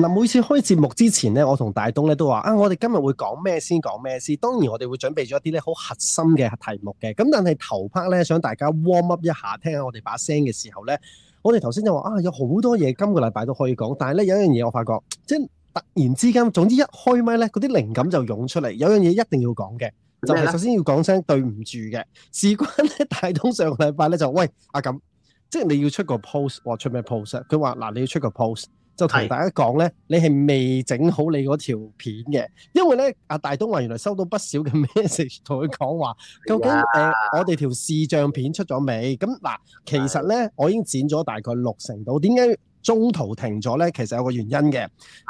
嗱，每次開節目之前咧，我同大東咧都話：啊，我哋今日會講咩先講咩先。當然，我哋會準備咗一啲咧好核心嘅題目嘅。咁但係頭 part 咧，想大家 warm up 一下，聽下我哋把聲嘅時候咧，我哋頭先就話：啊，有好多嘢今個禮拜都可以講。但係咧，有一樣嘢我發覺，即係突然之間，總之一開咪咧，嗰啲靈感就湧出嚟。有樣嘢一定要講嘅，就係、是、首先要講聲對唔住嘅。事關咧，大東上個禮拜咧就喂阿感、啊，即係你要出個 post 或出咩 post？佢話：嗱、啊，你要出個 post。就同大家講咧，你係未整好你嗰條片嘅，因為咧阿大東話原來收到不少嘅 message 同佢講話，究竟誒 Yeah.、呃、我哋條視像片出咗未？咁嗱，其實咧我已經剪咗大概六成度，點解？中途停咗咧，其實有個原因嘅，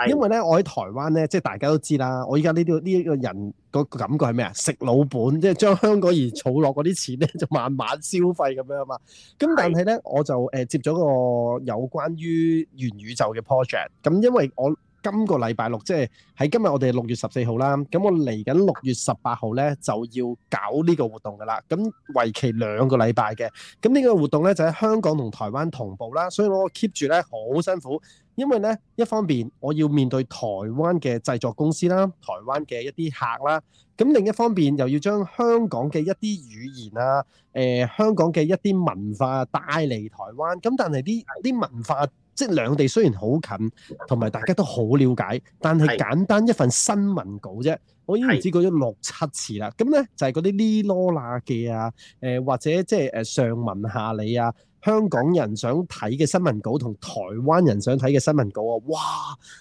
因為咧我喺台灣咧，即係大家都知啦，我依家呢啲呢個人個感覺係咩啊？食老本，即係將香港而儲落嗰啲錢咧，就慢慢消費咁樣啊嘛。咁但係咧，我就誒接咗個有關於元宇宙嘅 project，咁因為我。今個禮拜六，即係喺今日我哋六月十四號啦。咁我嚟緊六月十八號呢，就要搞呢個活動噶啦。咁為期兩個禮拜嘅。咁呢個活動呢，就喺香港同台灣同步啦。所以我 keep 住呢，好辛苦，因為呢一方面我要面對台灣嘅製作公司啦，台灣嘅一啲客啦。咁另一方面又要將香港嘅一啲語言啊，誒、呃、香港嘅一啲文化帶嚟台灣。咁但係啲啲文化。即係兩地雖然好近，同埋大家都好了解，但係簡單一份新聞稿啫，是我已經唔知講咗六七次啦。咁咧是就係嗰啲呢羅那嘅啊，誒、呃、或者即係誒上文下理啊，香港人想睇嘅新聞稿同台灣人想睇嘅新聞稿啊，哇！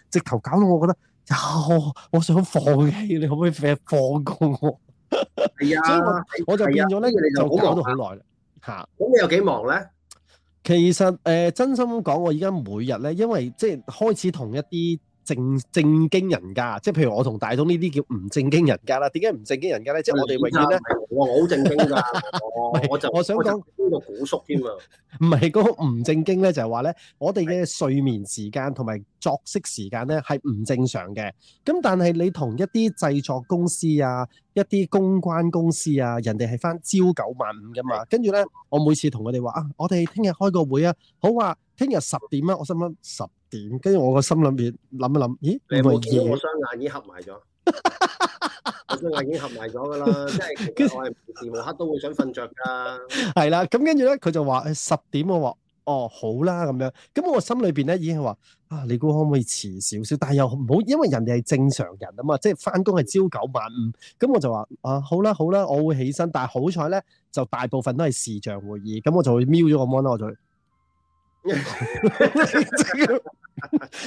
直頭搞到我覺得，我、啊、我想放棄，你可唔可以放過我？係啊， 呀 所以我就變咗咧，就講咗好耐啦。嚇！咁你有幾忙咧？其實誒、呃，真心講，我而家每日咧，因為即係開始同一啲正正經人家，即係譬如我同大東呢啲叫唔正經人家啦。點解唔正經人家咧？即係我哋永遠咧， 我好、 那個、正經噶、就是。我就我想講呢個古叔添啊，唔係嗰個唔正經咧，就係話咧，我哋嘅睡眠時間同埋。作息時間咧係唔正常嘅，咁但係你同一啲製作公司啊、一啲公關公司啊，人哋係返朝九晚五㗎嘛。跟住咧，我每次同佢哋話啊，我哋聽日開個會啊，好啊，聽日十點啦，我心諗十點，跟住我個心裏面諗一諗，咦？你冇見我雙眼已經合埋咗，我雙眼已經合埋咗㗎啦。即係其實我係無時無刻都會想瞓著㗎。係啦，咁跟住咧，佢就話十點喎。哦，好啦咁樣，咁我心裏邊咧已經係話啊，你估可唔可以遲少少？但係又唔好，因為人哋係正常人啊嘛，即係翻工係朝九晚五。咁我就話啊，好啦好啦，我會起身，但係好彩咧，就大部分都係視像會議，咁我就會瞄咗個 mon 我就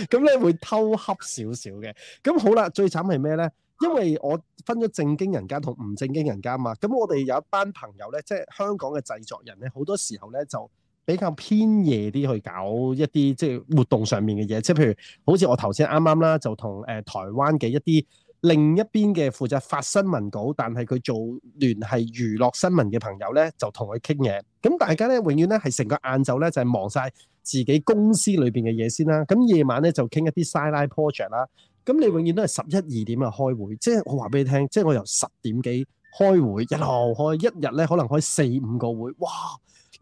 咁咧 會偷恰少少嘅。咁好啦，最慘係咩咧？因為我分咗正經人家同唔正經人家啊嘛。咁我哋有一班朋友咧，即係香港嘅製作人咧，好多時候咧就。比較偏夜啲去搞一啲即係活動上面嘅嘢，即係譬如好似我頭先啱啱啦，就同誒台灣嘅一啲另一邊嘅負責發新聞稿，但係佢做聯繫娛樂新聞嘅朋友呢，就同佢傾嘢。咁大家呢，永遠呢，係成個晏晝呢，就係忙晒自己公司裏邊嘅嘢先啦。咁夜晚呢，就傾一啲 side project 啦。咁你永遠都係十一二點啊開會，即係我話俾你聽，即係我由十點幾開會一路開，一日呢可能開四五個會，哇！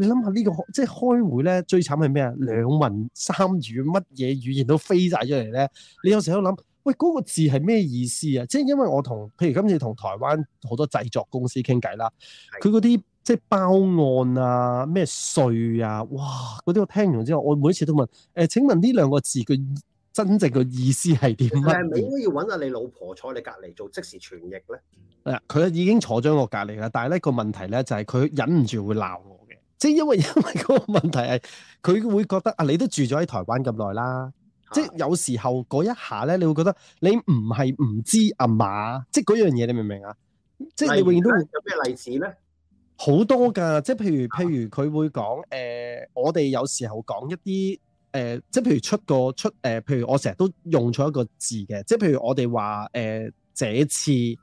你諗下呢個即係開會咧，最慘係咩啊？兩文三語乜嘢語言都飛晒出嚟咧！你有時候都諗，喂嗰、那個字係咩意思啊？即係因為我同，譬如今次同台灣好多製作公司傾偈啦，佢嗰啲即係包案啊、咩稅啊、哇嗰啲，我聽完之後，我每次都問，誒、呃、請問呢兩個字嘅真正嘅意思係點？係咪應該要揾下你老婆坐你隔離做即時傳譯咧？啊、嗯，佢已經坐咗喺我隔離啦，但係咧個問題咧就係佢忍唔住會鬧我。即係因為因為嗰個問題係佢會覺得啊，你都住咗喺台灣咁耐啦，啊、即係有時候嗰一下咧，你會覺得你唔係唔知啊嘛，即係嗰樣嘢你明唔明啊？即係你永遠都會有咩例子咧？好多噶，即係譬如譬如佢會講誒、呃，我哋有時候講一啲誒、呃，即係譬如出個出誒、呃，譬如我成日都用錯一個字嘅，即係譬如我哋話誒，這次。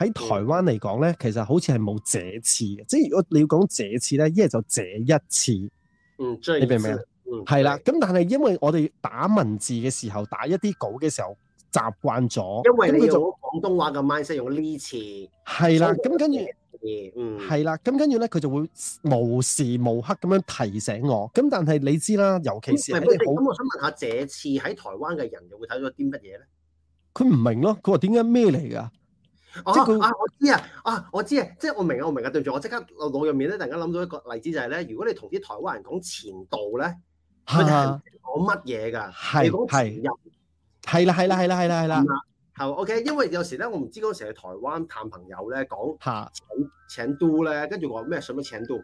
喺台灣嚟講咧，其實好似係冇這次嘅，即係如果你要講這次咧，一係就這一次。嗯，你明唔明啊？嗯，係啦。咁但係因為我哋打文字嘅時候，打一啲稿嘅時候，習慣咗。因為你要廣東話嘅 mindset 用呢次。係啦。咁跟住。嗯。係啦。咁跟住咧，佢就會無時無刻咁樣提醒我。咁但係你知啦，尤其是喺好。咁我想問下，這次喺台灣嘅人又會睇到啲乜嘢咧？佢唔明咯，佢話點解咩嚟㗎？啊、哦、他啊！我知啊，啊我知啊，即係我明啊，我，我明啊，對唔住，我即刻腦入面咧，突然間諗到一個例子就係、是、咧，如果你同啲台灣人講前度咧，佢就係講乜嘢㗎？係係啦係啦係啦係啦係啦，係、啊、OK。因為有時咧，我唔知嗰時去台灣探朋友咧，講、啊、請請都咧，跟住我咩想乜請都，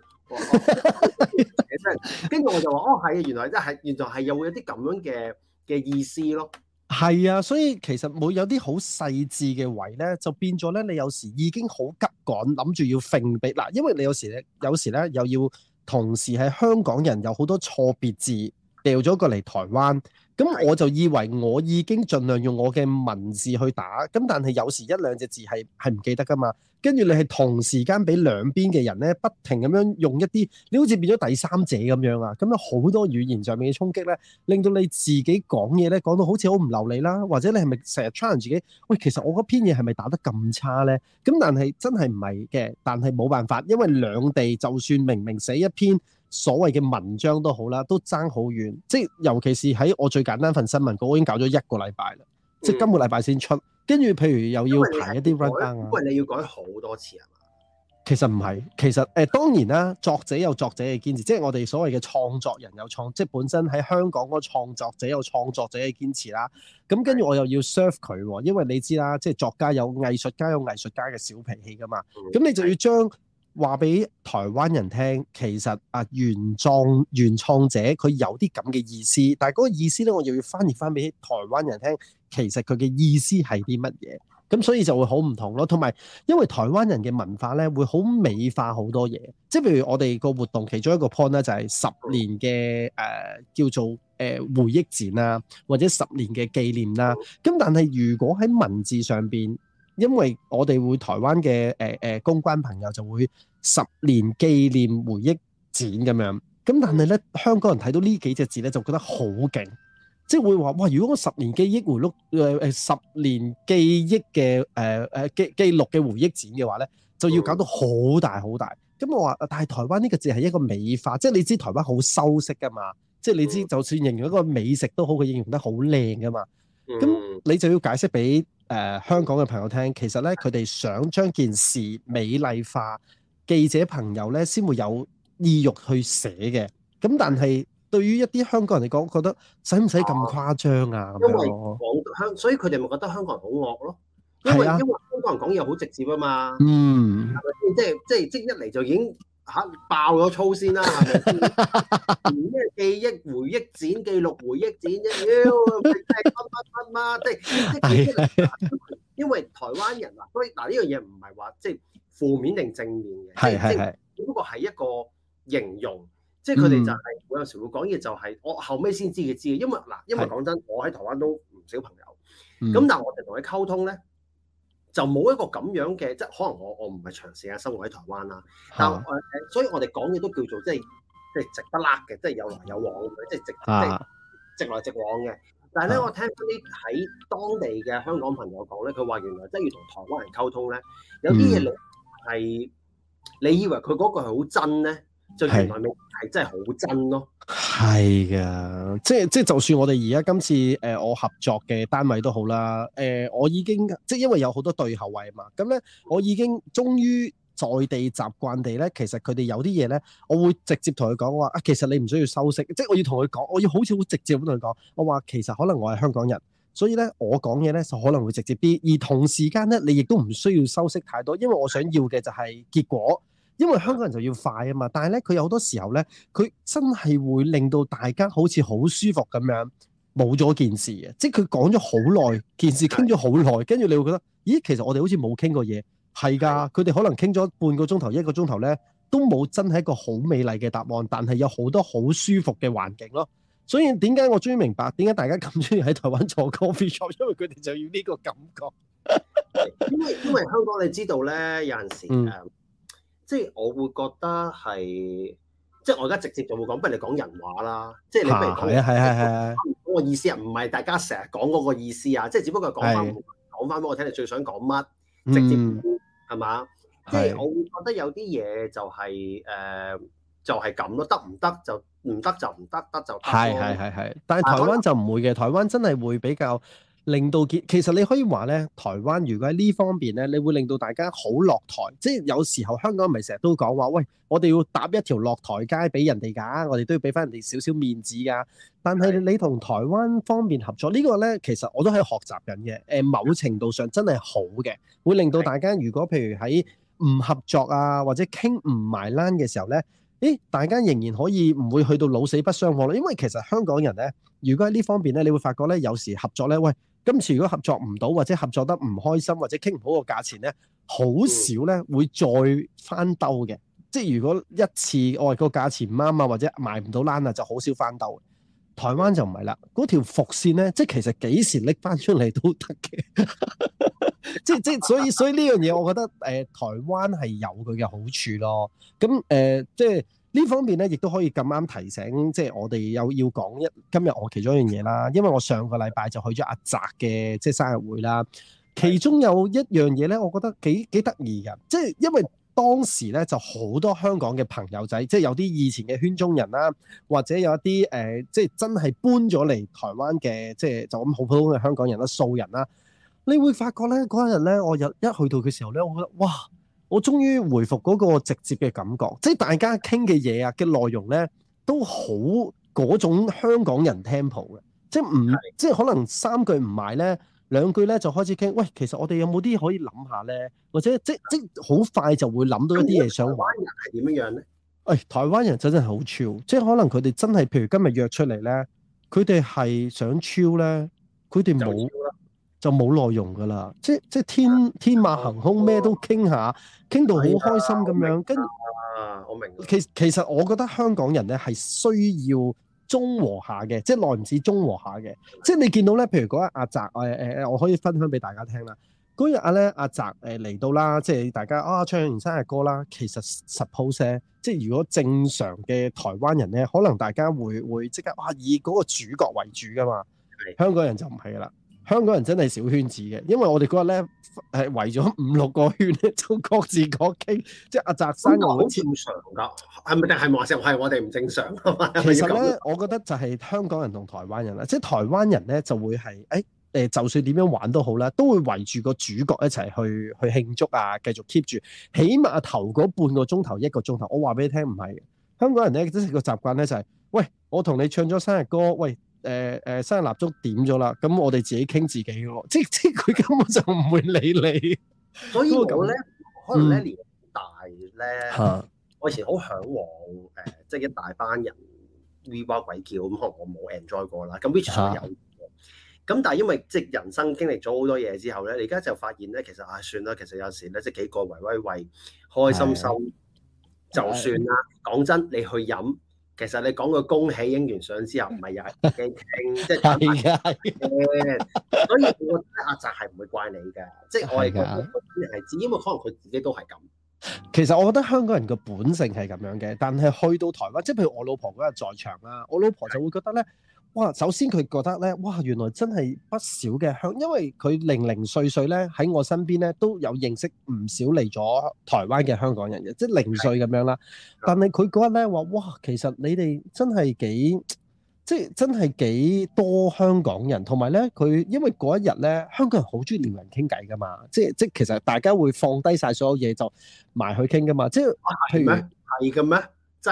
跟、哦、住 我就話哦，係原來即係原來係又會有啲咁樣嘅嘅意思咯。係啊，所以其實冇有啲好細緻嘅位呢，就變咗咧。你有時已經好急趕，諗住要揈俾嗱，因為你有時有時咧又要同時係香港人有好多錯別字掉咗過嚟台灣。咁我就以為我已經盡量用我嘅文字去打，咁但係有時一兩隻字係係唔記得噶嘛。跟住你係同時間俾兩邊嘅人咧，不停咁樣用一啲，你好似變咗第三者咁樣啊。咁樣好多語言上面嘅衝擊咧，令到你自己講嘢咧講到好似好唔流利啦，或者你係咪成日 challenge 自己？喂，其實我嗰篇嘢係咪打得咁差咧？咁但係真係唔係嘅，但係冇辦法，因為兩地就算明明寫一篇。所謂嘅文章都好啦，都爭好遠，即係尤其是喺我最簡單份新聞稿，我已經搞咗一個禮拜啦，嗯、即係今個禮拜先出，跟住譬如又要排一啲 rundown，因為你要改好多次啊嘛。其實唔係，其實誒當然啦，作者有作者嘅堅持，即係我哋所謂嘅創作人有創，即係本身喺香港嗰個創作者有創作者嘅堅持啦。咁跟住我又要 serve 佢，因為你知啦，即係作家有藝術家有藝術家嘅小脾氣㗎嘛。咁你就要將，話俾台灣人聽，其實啊原狀原創者佢有啲咁嘅意思，但係嗰個意思咧，我又要翻譯翻俾台灣人聽，其實佢嘅意思係啲乜嘢？咁所以就會好唔同咯。同埋因為台灣人嘅文化咧，會好美化好多嘢，即係譬如我哋個活動其中一個 point 咧，就係十年嘅誒、呃、叫做誒、呃、回憶展啊，或者十年嘅紀念啦。咁但係如果喺文字上邊，因為我哋會台灣嘅誒誒公關朋友就會十年紀念回憶展咁樣，咁但係咧香港人睇到呢幾隻字咧就覺得好勁，即係會話哇！如果我十年記憶回憶誒誒十年記憶嘅誒誒記記錄嘅回憶展嘅話咧，就要搞到好大好大。咁我話，但係台灣呢個字係一個美化，即係你知台灣好修飾噶嘛，即係你知就算形容一個美食都好，佢形容得好靚噶嘛。咁你就要解釋俾誒、呃、香港嘅朋友聽，其實咧佢哋想將件事美麗化，記者朋友咧先會有意欲去寫嘅。咁但係對於一啲香港人嚟講，覺得使唔使咁誇張啊？啊，因為香港，所以佢哋咪覺得香港人好惡咯。因為、啊、因為香港人講嘢好直接啊嘛。嗯，即係即係即係一嚟就已經。吓、啊、爆咗粗先啦、啊，咩 記憶回憶展記錄回憶展啫，妖！乜乜乜乜，即即因為台灣人啊，所以嗱呢樣嘢唔係話即負面定正面嘅，係係，只不過係一個形容，即佢哋就係、是、我有時會講嘢，就係我後尾先知嘅知，嘅，因為嗱、啊，因為講真，是我喺台灣都唔少朋友，咁、嗯、但係我哋同佢溝通咧。就冇一個咁樣嘅，即係可能我我唔係長時間生活喺台灣啦，但所以我哋講嘅都叫做即係即係直筆甩嘅，即係有、uh huh. 來有往，即係直即係直來直往嘅。但係咧，uh huh. 我聽啲喺當地嘅香港朋友講咧，佢話原來即係要同台灣人溝通咧，有啲嘢你係，mm hmm. 你以為佢嗰個係好真咧，就原來冇係真係好真咯、哦。Uh huh. 係噶，即係即係，就算我哋而家今次誒、呃、我合作嘅單位都好啦，誒、呃、我已經即係因為有好多對後位啊嘛，咁咧我已經終於在地習慣地咧，其實佢哋有啲嘢咧，我會直接同佢講，我話啊，其實你唔需要收息，即係我要同佢講，我要好似好直接咁同佢講，我話其實可能我係香港人，所以咧我講嘢咧就可能會直接啲，而同時間咧你亦都唔需要收息太多，因為我想要嘅就係結果。因為香港人就要快啊嘛，但係咧佢有好多時候咧，佢真係會令到大家好似好舒服咁樣，冇咗件事嘅，即係佢講咗好耐，件事傾咗好耐，跟住你會覺得，咦，其實我哋好似冇傾過嘢，係㗎，佢哋可能傾咗半個鐘頭、一個鐘頭咧，都冇真係一個好美麗嘅答案，但係有好多好舒服嘅環境咯。所以點解我終於明白點解大家咁中意喺台灣坐 coffee shop，因為佢哋就要呢個感覺。 因為因為香港你知道咧，有陣時即係我會覺得係，即係我而家直接就會講，不如你講人話啦。即係你不如講翻係啊，係啊，係啊。我意思啊，唔係大家成日講嗰個意思啊，即係只不過係講翻，講翻俾我聽，你最想講乜？直接係嘛？即係我會覺得有啲嘢就係、是、誒、呃，就係咁咯。得唔得就唔得就唔得，得就係係係係。但係台灣就唔會嘅，台灣真係會比較。令到結，其實你可以話呢，台灣如果喺呢方面呢，你會令到大家好落台。即係有時候香港咪成日都講話，喂，我哋要搭一條落台階俾人哋㗎，我哋都要俾翻人哋少少面子㗎。但係你同台灣方面合作呢、呢個呢，其實我都係學習緊嘅。誒、呃，某程度上真係好嘅，會令到大家如果譬如喺唔合作啊，或者傾唔埋欄嘅時候呢，誒，大家仍然可以唔會去到老死不相往。因為其實香港人呢，如果喺呢方面呢，你會發覺呢，有時合作呢。喂。今次如果合作唔到，或者合作得唔開心，或者傾唔好個價錢咧，好少咧會再翻兜嘅。即係如果一次外係、哎嗰個價錢唔啱啊或者賣唔到單啊，就好少翻兜。台灣就唔係啦，嗰條伏線咧，即係其實幾時拎翻出嚟都得嘅。 即係即係，所以所以呢樣嘢，我覺得誒、呃、台灣係有佢嘅好處咯。咁、嗯、誒、呃、即係。呢方面咧，亦都可以咁啱提醒，即係我哋有要講一今日我其中一樣嘢啦。因為我上個禮拜就去咗阿澤嘅即係生日會啦，其中有一樣嘢呢，我覺得幾幾得意嘅，即係因為當時呢，就好多香港嘅朋友仔，即係有啲以前嘅圈中人啦，或者有一啲誒、呃、即係真係搬咗嚟台灣嘅，即係就咁、是、好普通嘅香港人啦，素人啦，你會發覺咧，嗰一日呢，我日一去到嘅時候呢，我覺得哇！我終於回覆嗰個直接嘅感覺，即係大家傾嘅嘢啊嘅內容咧，都好嗰種香港人聽譜嘅，即係唔的即係可能三句唔埋咧，兩句咧就開始傾。喂，其實我哋有冇啲可以諗下咧？或者即即好快就會諗到一啲嘢想玩。台灣人係點樣樣咧？誒、哎，台灣人真真係好超，即係可能佢哋真係譬如今日約出嚟咧，佢哋係想超咧，佢哋冇。就冇內容噶啦，即即天天馬行空，咩都傾下，傾到好開心咁樣。跟住啊，我明。我明其實其實我覺得香港人咧係需要中和下嘅，即係耐唔止中和下嘅。即係你見到咧，譬如嗰日阿澤誒誒、呃，我可以分享俾大家聽啦。嗰日阿咧阿澤誒嚟到啦，即係大家啊唱完生日歌啦。其實 suppose 即係如果正常嘅台灣人咧，可能大家會會即刻哇、啊、以嗰個主角為主噶嘛。香港人就唔係噶啦。香港人真係小圈子嘅，因為我哋嗰日咧係圍咗五六個圈咧，就各自各傾。即係阿澤生，我好正常㗎。係咪定係話就係我哋唔正常？其實咧， 我覺得就係香港人同台灣人啦。即係台灣人咧就會係誒誒，就算點樣玩都好啦，都會圍住個主角一齊去去慶祝啊，繼續 keep 住。起碼頭嗰半個鐘頭一個鐘頭，我話俾你聽唔係。香港人咧，真係個習慣咧就係，喂，我同你唱咗生日歌，喂。誒誒，生日、呃呃、蠟燭點咗啦，咁我哋自己傾自己咯，即即佢根本就唔會理你。所以咁咧，可能年大咧， 嗯、 我以前好嚮往誒、呃，即係一大班人 V 包鬼叫咁，可能我冇 enjoy 過啦。咁 which s i 有嘅，咁 但係因為即係人生經歷咗好多嘢之後咧，你而家就發現咧，其實啊算啦，其實有時咧即係幾個圍威喂開心收就算啦。講真的，你去飲。的的其實你講個恭喜影完相之後唔係又係傾傾，即係大家嘅， 是的 所以我覺得阿澤係唔會怪你嘅，即係我係覺得因為可能佢自己都係咁。其實我覺得香港人嘅本性係咁樣嘅，但係去到台灣，即係譬如我老婆嗰日在場啦，我老婆就會覺得咧。哇！首先佢覺得呢，哇！原來真係不少嘅香，因為佢零零碎碎呢，喺我身邊呢，都有認識唔少嚟咗台灣嘅香港人嘅，即係零碎咁樣啦。但係佢嗰日呢，話，哇！其實你哋真係幾，即係真係幾多香港人，同埋呢，佢因為嗰一日呢，香港人好中意撩人傾偈㗎嘛，即係即係其實大家會放低晒所有嘢就埋去傾㗎嘛，即係係咩？係嘅咩？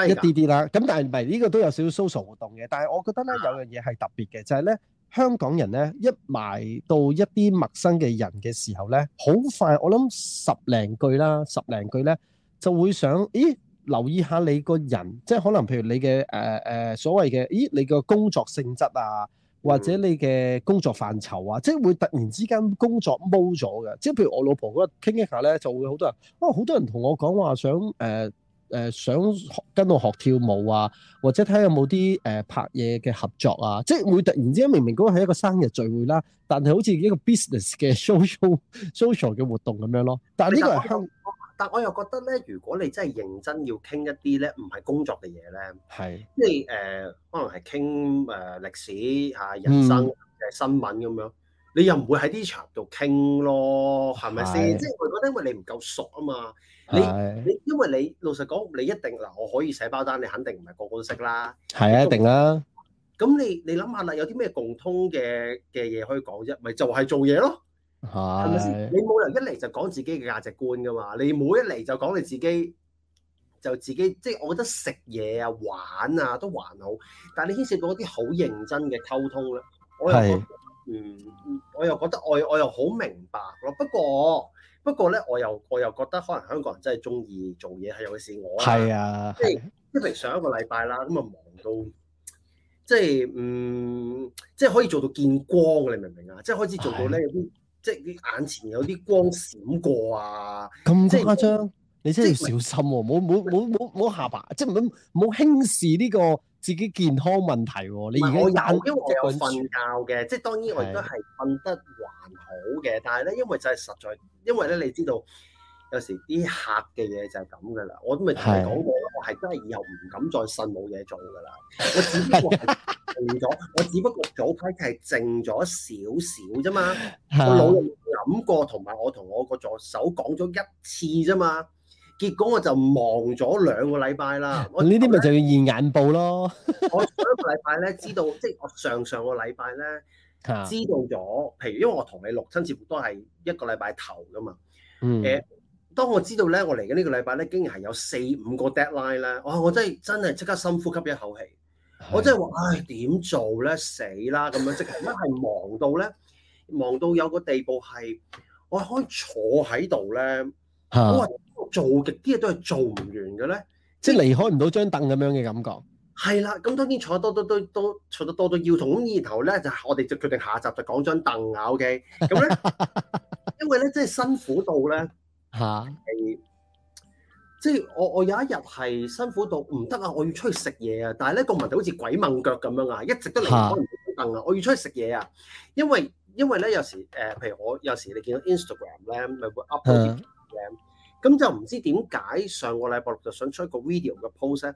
一啲啲啦，咁但係咪呢個都有少少 social 活動嘅？但係我覺得咧，啊、有樣嘢係特別嘅，就係、是、咧，香港人咧一埋到一啲陌生嘅人嘅時候咧，好快我諗十零句啦，十零句咧就會想，咦，留意下你個人，即係可能譬如你嘅誒誒所謂嘅，咦，你個工作性質啊，或者你嘅工作範疇啊，嗯、即係會突然之間工作冇咗嘅。即係譬如我老婆嗰日傾一下咧，就會好多人，啊、哦，好多人同我講話想誒。呃誒、呃、想學跟我學跳舞啊，或者睇下有冇啲誒拍嘢嘅合作啊，即係會突然之間明明嗰個係一個生日聚會啦，但係好似一個 business 嘅 social social 嘅活動咁樣咯。但係呢個係香港，但我又覺得咧，如果你真係認真要傾一啲咧，唔係工作嘅嘢咧，係即係誒，可能係傾誒歷史嚇、啊、人生嘅、啊、新聞咁樣，嗯、你又唔會喺啲場度傾咯，係咪先？即係我覺得，因為你唔夠熟啊嘛。你你，的因為你的老實講，你一定嗱，我可以寫包單，你肯定唔係個個都識啦。係啊的，一定啦。咁的你你諗下啦，有啲咩共通嘅嘅嘢可以講啫？咪就係、是、做嘢咯，係咪先？你冇人一嚟就講自己嘅價值觀噶嘛？你冇一嚟就講你自己，就自己，就自己即係我覺得食嘢啊、玩啊都還好，但係你牽涉到啲好認真嘅溝通咧，我又嗯的的，我又覺得我我又好明白咯。不過，不過不過咧，我又我又覺得可能香港人真係中意做嘢，係尤其是我啦。係啊，啊即係譬如上一個禮拜啦，咁啊忙到即係嗯，即係可以做到見光，你明唔明啊？即係開始做到咧有啲，啊、即係眼前有啲光閃過啊！咁誇張，我你真係要小心喎、啊！冇冇冇冇冇下巴，即係唔好輕視呢、呢個。自己健康問題喎，你而家因為我有瞓覺嘅。即係當然我而家係瞓得還好嘅，但係咧因為就係實在，因為咧你知道有時啲客嘅嘢就係咁噶啦，我都咪同你講過，我係真係以後唔敢再呻冇嘢做噶啦。我只不過係靜咗，我只不過早排係靜咗少少啫嘛，我努力諗過，同埋我同我個助手講咗一次啫嘛。結果我就忙咗兩個禮拜啦！我呢啲咪就要現眼報咯。 我上個禮拜咧，知道即係我上上個禮拜咧，知道咗。譬如因為我同你錄親節目都係一個禮拜頭㗎嘛。誒、嗯，當我知道咧，我嚟緊呢個禮拜咧，竟然係有四五個 deadline 咧。哇！我真係真係即刻深呼吸一口氣。的我真係話，唉、哎，點做咧？死啦！咁樣即係，因為係忙到咧，忙到有個地步係，我可以坐喺度咧。啊做極啲嘢都係做唔完嘅咧，即係離開唔到張凳咁樣嘅感覺係啦。咁當然坐得多，多，多，多，多，多，多，多坐得多，都要。咁然後咧，就我哋就決定下集就講張凳啊。OK，咁咧，因為咧，真係辛苦到咧嚇、啊，即係我我有一日係辛苦到唔得啊，我要出去食嘢啊。但係咧，個問題好似鬼掹腳咁樣啊，一直都離開唔到張凳啊。我要出去食嘢啊，因為因為咧有時誒、呃，譬如我有時你見到 Instagram 咧，咪會 upload 咁就唔知點解上個禮拜六就想出一個 video 嘅 post 咧，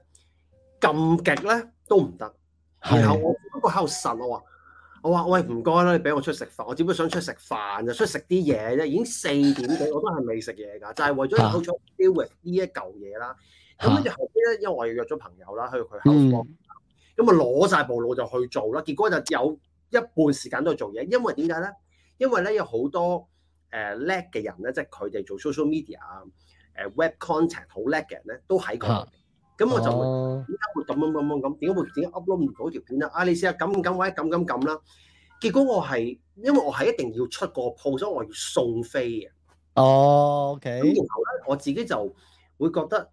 咁極咧都唔得，的然後我嗰、那個喺度神我話，我話喂，唔該啦，你俾我出去食飯，我只不過想出去食飯就出去食啲嘢啫，已經四點幾我都係未食嘢㗎，就係、是、為咗好彩，deal with 呢一嚿嘢啦。咁跟住後邊咧，因為我要約咗朋友啦，去佢口幫，咁咪攞晒部腦就去做啦。結果就有一半時間都喺做嘢，因為點解咧？因為咧有好多。誒叻嘅人咧，即係佢哋做 social media 啊，誒、uh, web content 好叻嘅人咧，都喺佢度。咁、啊嗯、我就點解會咁咁咁咁？點解會點解 upload 唔到條片咧？啊，你試下咁咁或者咁咁咁啦。結果我係因為我係一定要出個 post，所以我要送飛嘅。哦、啊，OK、嗯。咁然後咧，我自己就會覺得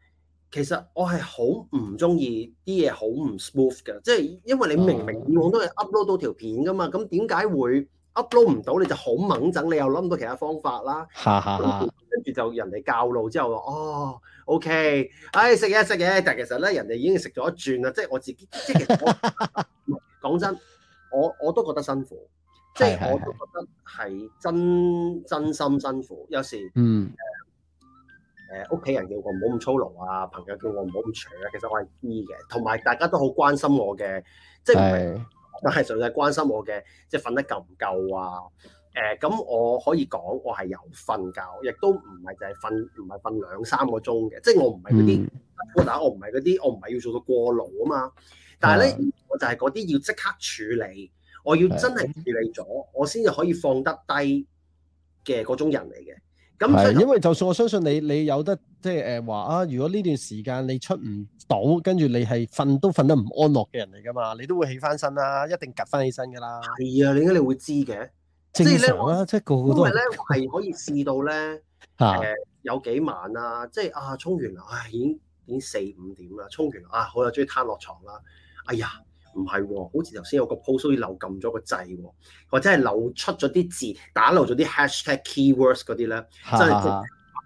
其實我係好唔中意啲嘢好唔 smooth 嘅，即係因為你明明以往都係 upload 到條片噶嘛，咁點解會？嗯 upload 唔到你就好掹掙，你又諗唔到其他方法啦。嚇嚇跟住就人哋教路之後話：哦，OK，唉、哎，食嘢食嘢。但係其實咧，人哋已經食咗一轉啦。即係我自己，即其實我講 真，我我都覺得辛苦。即係 我都覺得係真真心辛苦。有時 嗯誒屋企人叫我唔好咁操勞啊，朋友叫我唔好咁長啊。其實我係知嘅，同埋大家都好關心我嘅，即係。 但係實際關心我嘅，即係瞓得夠唔夠啊？誒、呃，咁我可以講，我係有瞓覺，亦都唔係就係瞓，唔係瞓兩三個鐘嘅，即係我唔係嗰啲，我唔係嗰啲，我唔係要做到過勞啊嘛。但係咧，mm. 我就係嗰啲要即刻處理，我要真係處理咗，mm. 我先至可以放得低嘅嗰種人嚟嘅。係，因為就算我相信你，你有得即係誒話啊！如果呢段時間你出唔到，跟住你係瞓都瞓得唔安樂嘅人嚟噶嘛，你都會起翻身啦，一定趌翻起身噶啦。係啊，點解你會知嘅？正常啦、啊，即係個好多人都係可以試到咧，誒有幾晚啦，即係啊，沖、啊啊、完啊、哎，已經已經四五點啦，沖完啊，好，終於攤落床啦，哎呀～唔係喎，好似頭先有個 post，好似漏撳咗個掣、哦，或者係漏出咗啲字，打漏咗啲 hashtag keywords 嗰啲咧，啊、真係的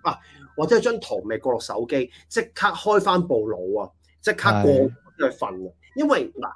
啊，或者係張圖未過落手機，即刻開翻部腦啊，即刻過去瞓啊，是因為嗱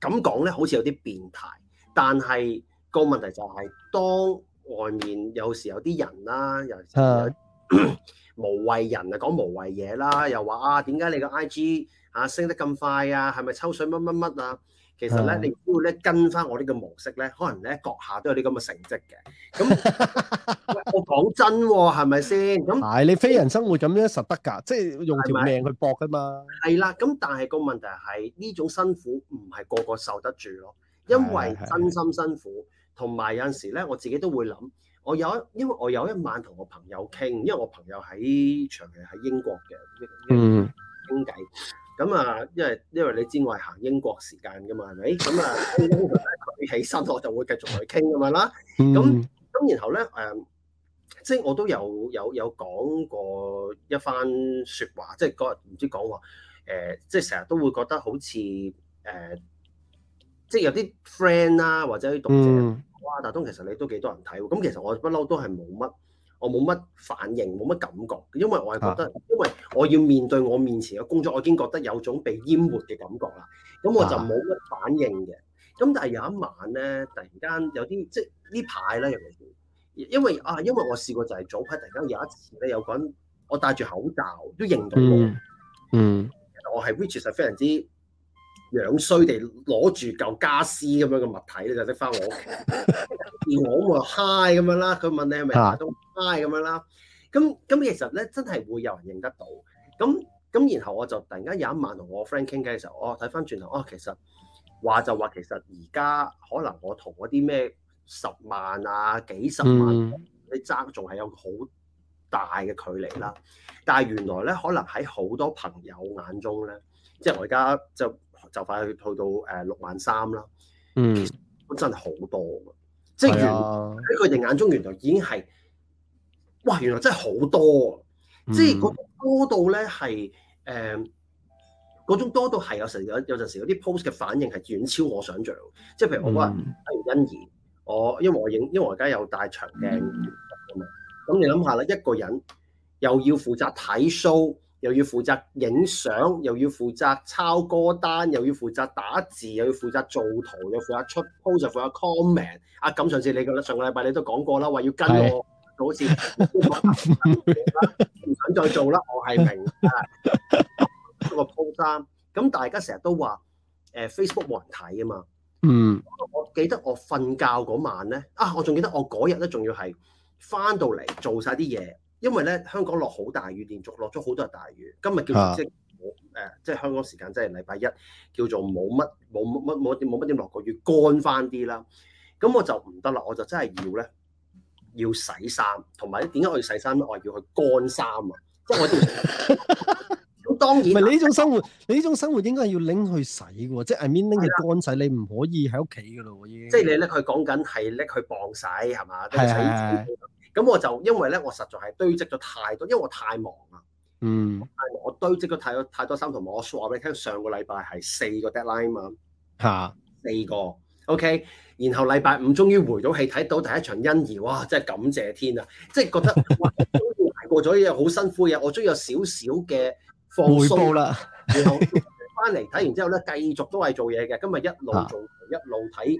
咁講咧，好似有啲變態，但係個問題就係、是，當外面有時有啲人啦、啊，又。啊 無謂人啊，講無謂嘢啦，又話啊，點解你個 I G 啊升得咁快啊？係咪抽水乜乜乜啊？其實咧，的你只要咧跟翻我呢個模式咧，可能咧閣下都有啲咁嘅成績嘅。咁 我講真喎、哦，係咪先？咁係那、哎、你非人生活咁樣實得㗎，的即係用條命去搏㗎嘛。係啦，咁但係個問題係呢種辛苦唔係個個受得住咯，因為真心辛苦，同埋的的有陣時咧我自己都會諗。我有一，因為我有一晚同我朋友傾，因為我朋友喺長期喺英國嘅，國嗯，傾偈，咁啊，因為因為你知我係行英國時間㗎嘛，係咪、嗯？咁啊，佢起身我就會繼續去傾咁樣啦。咁咁、嗯、然後咧，誒、呃，即係我都有有有講過一番説話，即係嗰日唔知講話，誒、呃，即係成日都會覺得好似誒、呃，即係有啲 friend 啦、啊，或者啲讀者。嗯啊！大東其實你都幾多人睇喎？咁其實我不嬲都係冇乜，我冇乜反應，冇乜感覺，因為我係覺得，啊、因為我要面對我面前嘅工作，我已經覺得有種被淹沒嘅感覺啦。咁我就冇乜反應嘅。咁但係有一晚咧，突然間有啲即係呢排咧，尤其因為啊，因為我試過就係早排突然間有一次咧，有個人我戴住口罩都認到、嗯，嗯，我係 which 其實非常之。樣衰地攞住嚿家俬咁樣嘅物體咧，就識翻我屋企。而我咁嗨 h 咁樣啦，佢問你係咪都 hi 咁樣啦。咁咁其實咧，真係會有人認得到。咁咁然後我就突然間有一晚同我 friend 傾偈嘅時候，我睇翻轉頭，哦，其實話就話其實而家可能我同嗰啲咩十萬啊幾十萬，你爭仲係有好大嘅距離啦。嗯、但係原來咧，可能喺好多朋友眼中咧，即係我而家就。就快去去到誒六萬三啦，嗯，本身係好多嘅，即係喺佢哋眼中原來已經係，哇！原來真係好多，嗯、即係嗰種多到咧係誒嗰種多到係、呃、有，有時有有陣時有啲 post 嘅反應係遠超我想像，即係譬如我嗰日阿吳欣宜，我因為我影因為我而家有戴長鏡嘅嘛，咁、嗯、你諗下啦，一個人又要負責睇 show。又要負責影相，又要負責抄歌單，又要負責打字，又要負責做圖，又負責出 post，又負責 comment。啊，咁上次你個上個禮拜你都講過啦，話要跟我好似唔想再做啦。我係明、那個 post 三，咁大家成日都話誒、呃、Facebook 冇人睇啊嘛。嗯。我記得我瞓覺嗰晚咧，啊，我仲記得我嗰日咧，仲要係翻到嚟做晒啲嘢。因為咧，香港落好大雨，連續落咗好多日大雨。今日叫即冇誒，啊、即香港時間即係禮拜一，叫做冇乜冇乜乜冇冇乜點落過雨，乾翻啲啦。咁我就唔得啦，我就真係要咧要洗衫，同埋咧點解我要洗衫咧？我係要佢乾衫啊！即我 當然唔係你呢種生活，你呢種生活應該係要拎去洗嘅喎，即係 I mean 拎去乾洗，的你唔可以喺屋企嘅咯喎已經。即係你拎佢講緊係拎佢磅洗係嘛？係係係。咁我就因為咧，我實在係堆積咗太多，因為我太忙啦。嗯，我堆積咗太，太多太多衫同埋我話俾你聽，上個禮拜係四個 deadline 嘛啊，四個 OK。然後禮拜五終於回到戲睇到第一場恩義，哇！真係感謝天啊！即係覺得哇，終於捱過咗呢個好辛苦嘅。我終於有少少嘅放鬆啦。 然後翻嚟睇完之後咧，繼續都係做嘢嘅，今日一路做、啊、一路睇。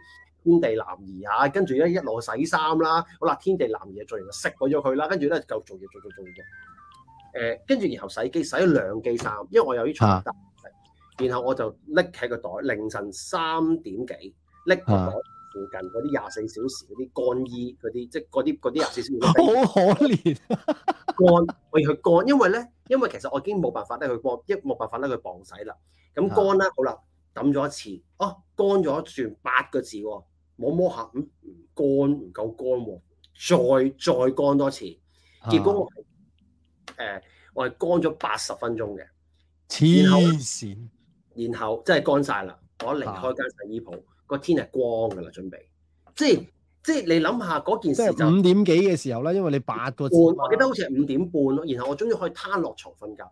天地男兒嚇、啊，跟住咧一路洗衫啦，好啦，天地男兒做完就，就熄咗佢啦，跟住咧夠做嘢做事做做做，誒，跟住然後洗機洗咗兩機衫，因為我有啲床帶，啊、然後我就拎喺個袋，凌晨三點幾拎個袋附近嗰啲廿四小時嗰啲乾衣嗰啲，即係嗰啲啲廿四小時。好可憐 乾，我要去乾，因為咧，因為其實我已經冇辦法咧去乾，一冇辦法咧去磅洗啦。咁乾咧好啦，抌咗一次，哦、嗯嗯嗯嗯，乾咗一轉八個字喎。摸摸下，唔乾唔夠乾喎，再再乾多次，結果我係誒、啊呃、我係乾咗八十分鐘嘅，黐線，然後真係乾晒啦，我離開間洗衣鋪，個、啊、天係光㗎啦，準備，即係即係你諗下嗰件事就五點幾嘅時候啦，因為你八個字半，我記得好似係五點半咯，然後我終於可以攤落床瞓覺，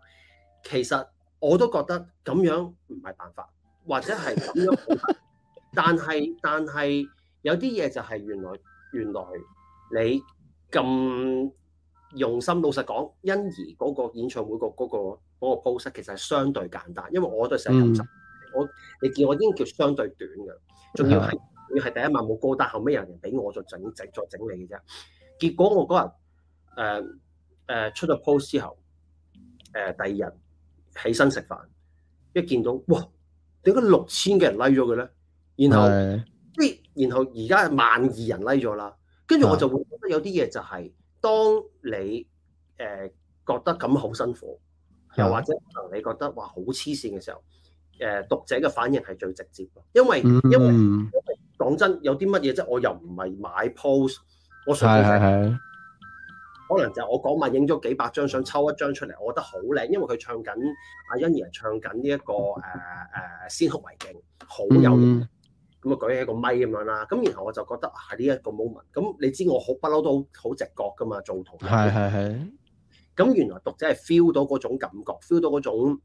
其實我都覺得咁樣唔係辦法，或者係咁樣好。 但係但係有啲嘢就係原來原來你咁用心，老實講，欣宜嗰個演唱會、嗰個嗰、嗰個 pose 其實係相對簡單，因為我都成日咁執，嗯、我你見我已經叫相對短嘅，仲要係、嗯、要係第一晚冇歌，但後尾有人俾我再整整再整理嘅啫。結果我嗰日誒誒出咗 pose 之後，誒、呃、第二日起身食飯，一見到哇，點解六千嘅人 like 咗佢咧？然後然後而家萬二人 like 咗啦。跟住我就會覺得有啲嘢就係、是，當你誒、呃、覺得咁好辛苦，又或者可能你覺得哇好黐線嘅時候，誒、呃、讀者嘅反應係最直接。因為因為因為講真，有啲乜嘢即係我又唔係買 post，我想粹係可能就係我嗰晚影咗幾百張相，抽一張出嚟，我覺得好靚，因為佢唱緊阿欣怡唱緊呢一個誒誒先哭為敬，好有～、嗯咁啊，舉起一個咪咁樣啦，咁然後我就覺得係呢一個 moment，咁你知我好不嬲都好直覺噶嘛，做圖係係係，咁原來讀者係 feel 到嗰種感覺，feel 到嗰種誒、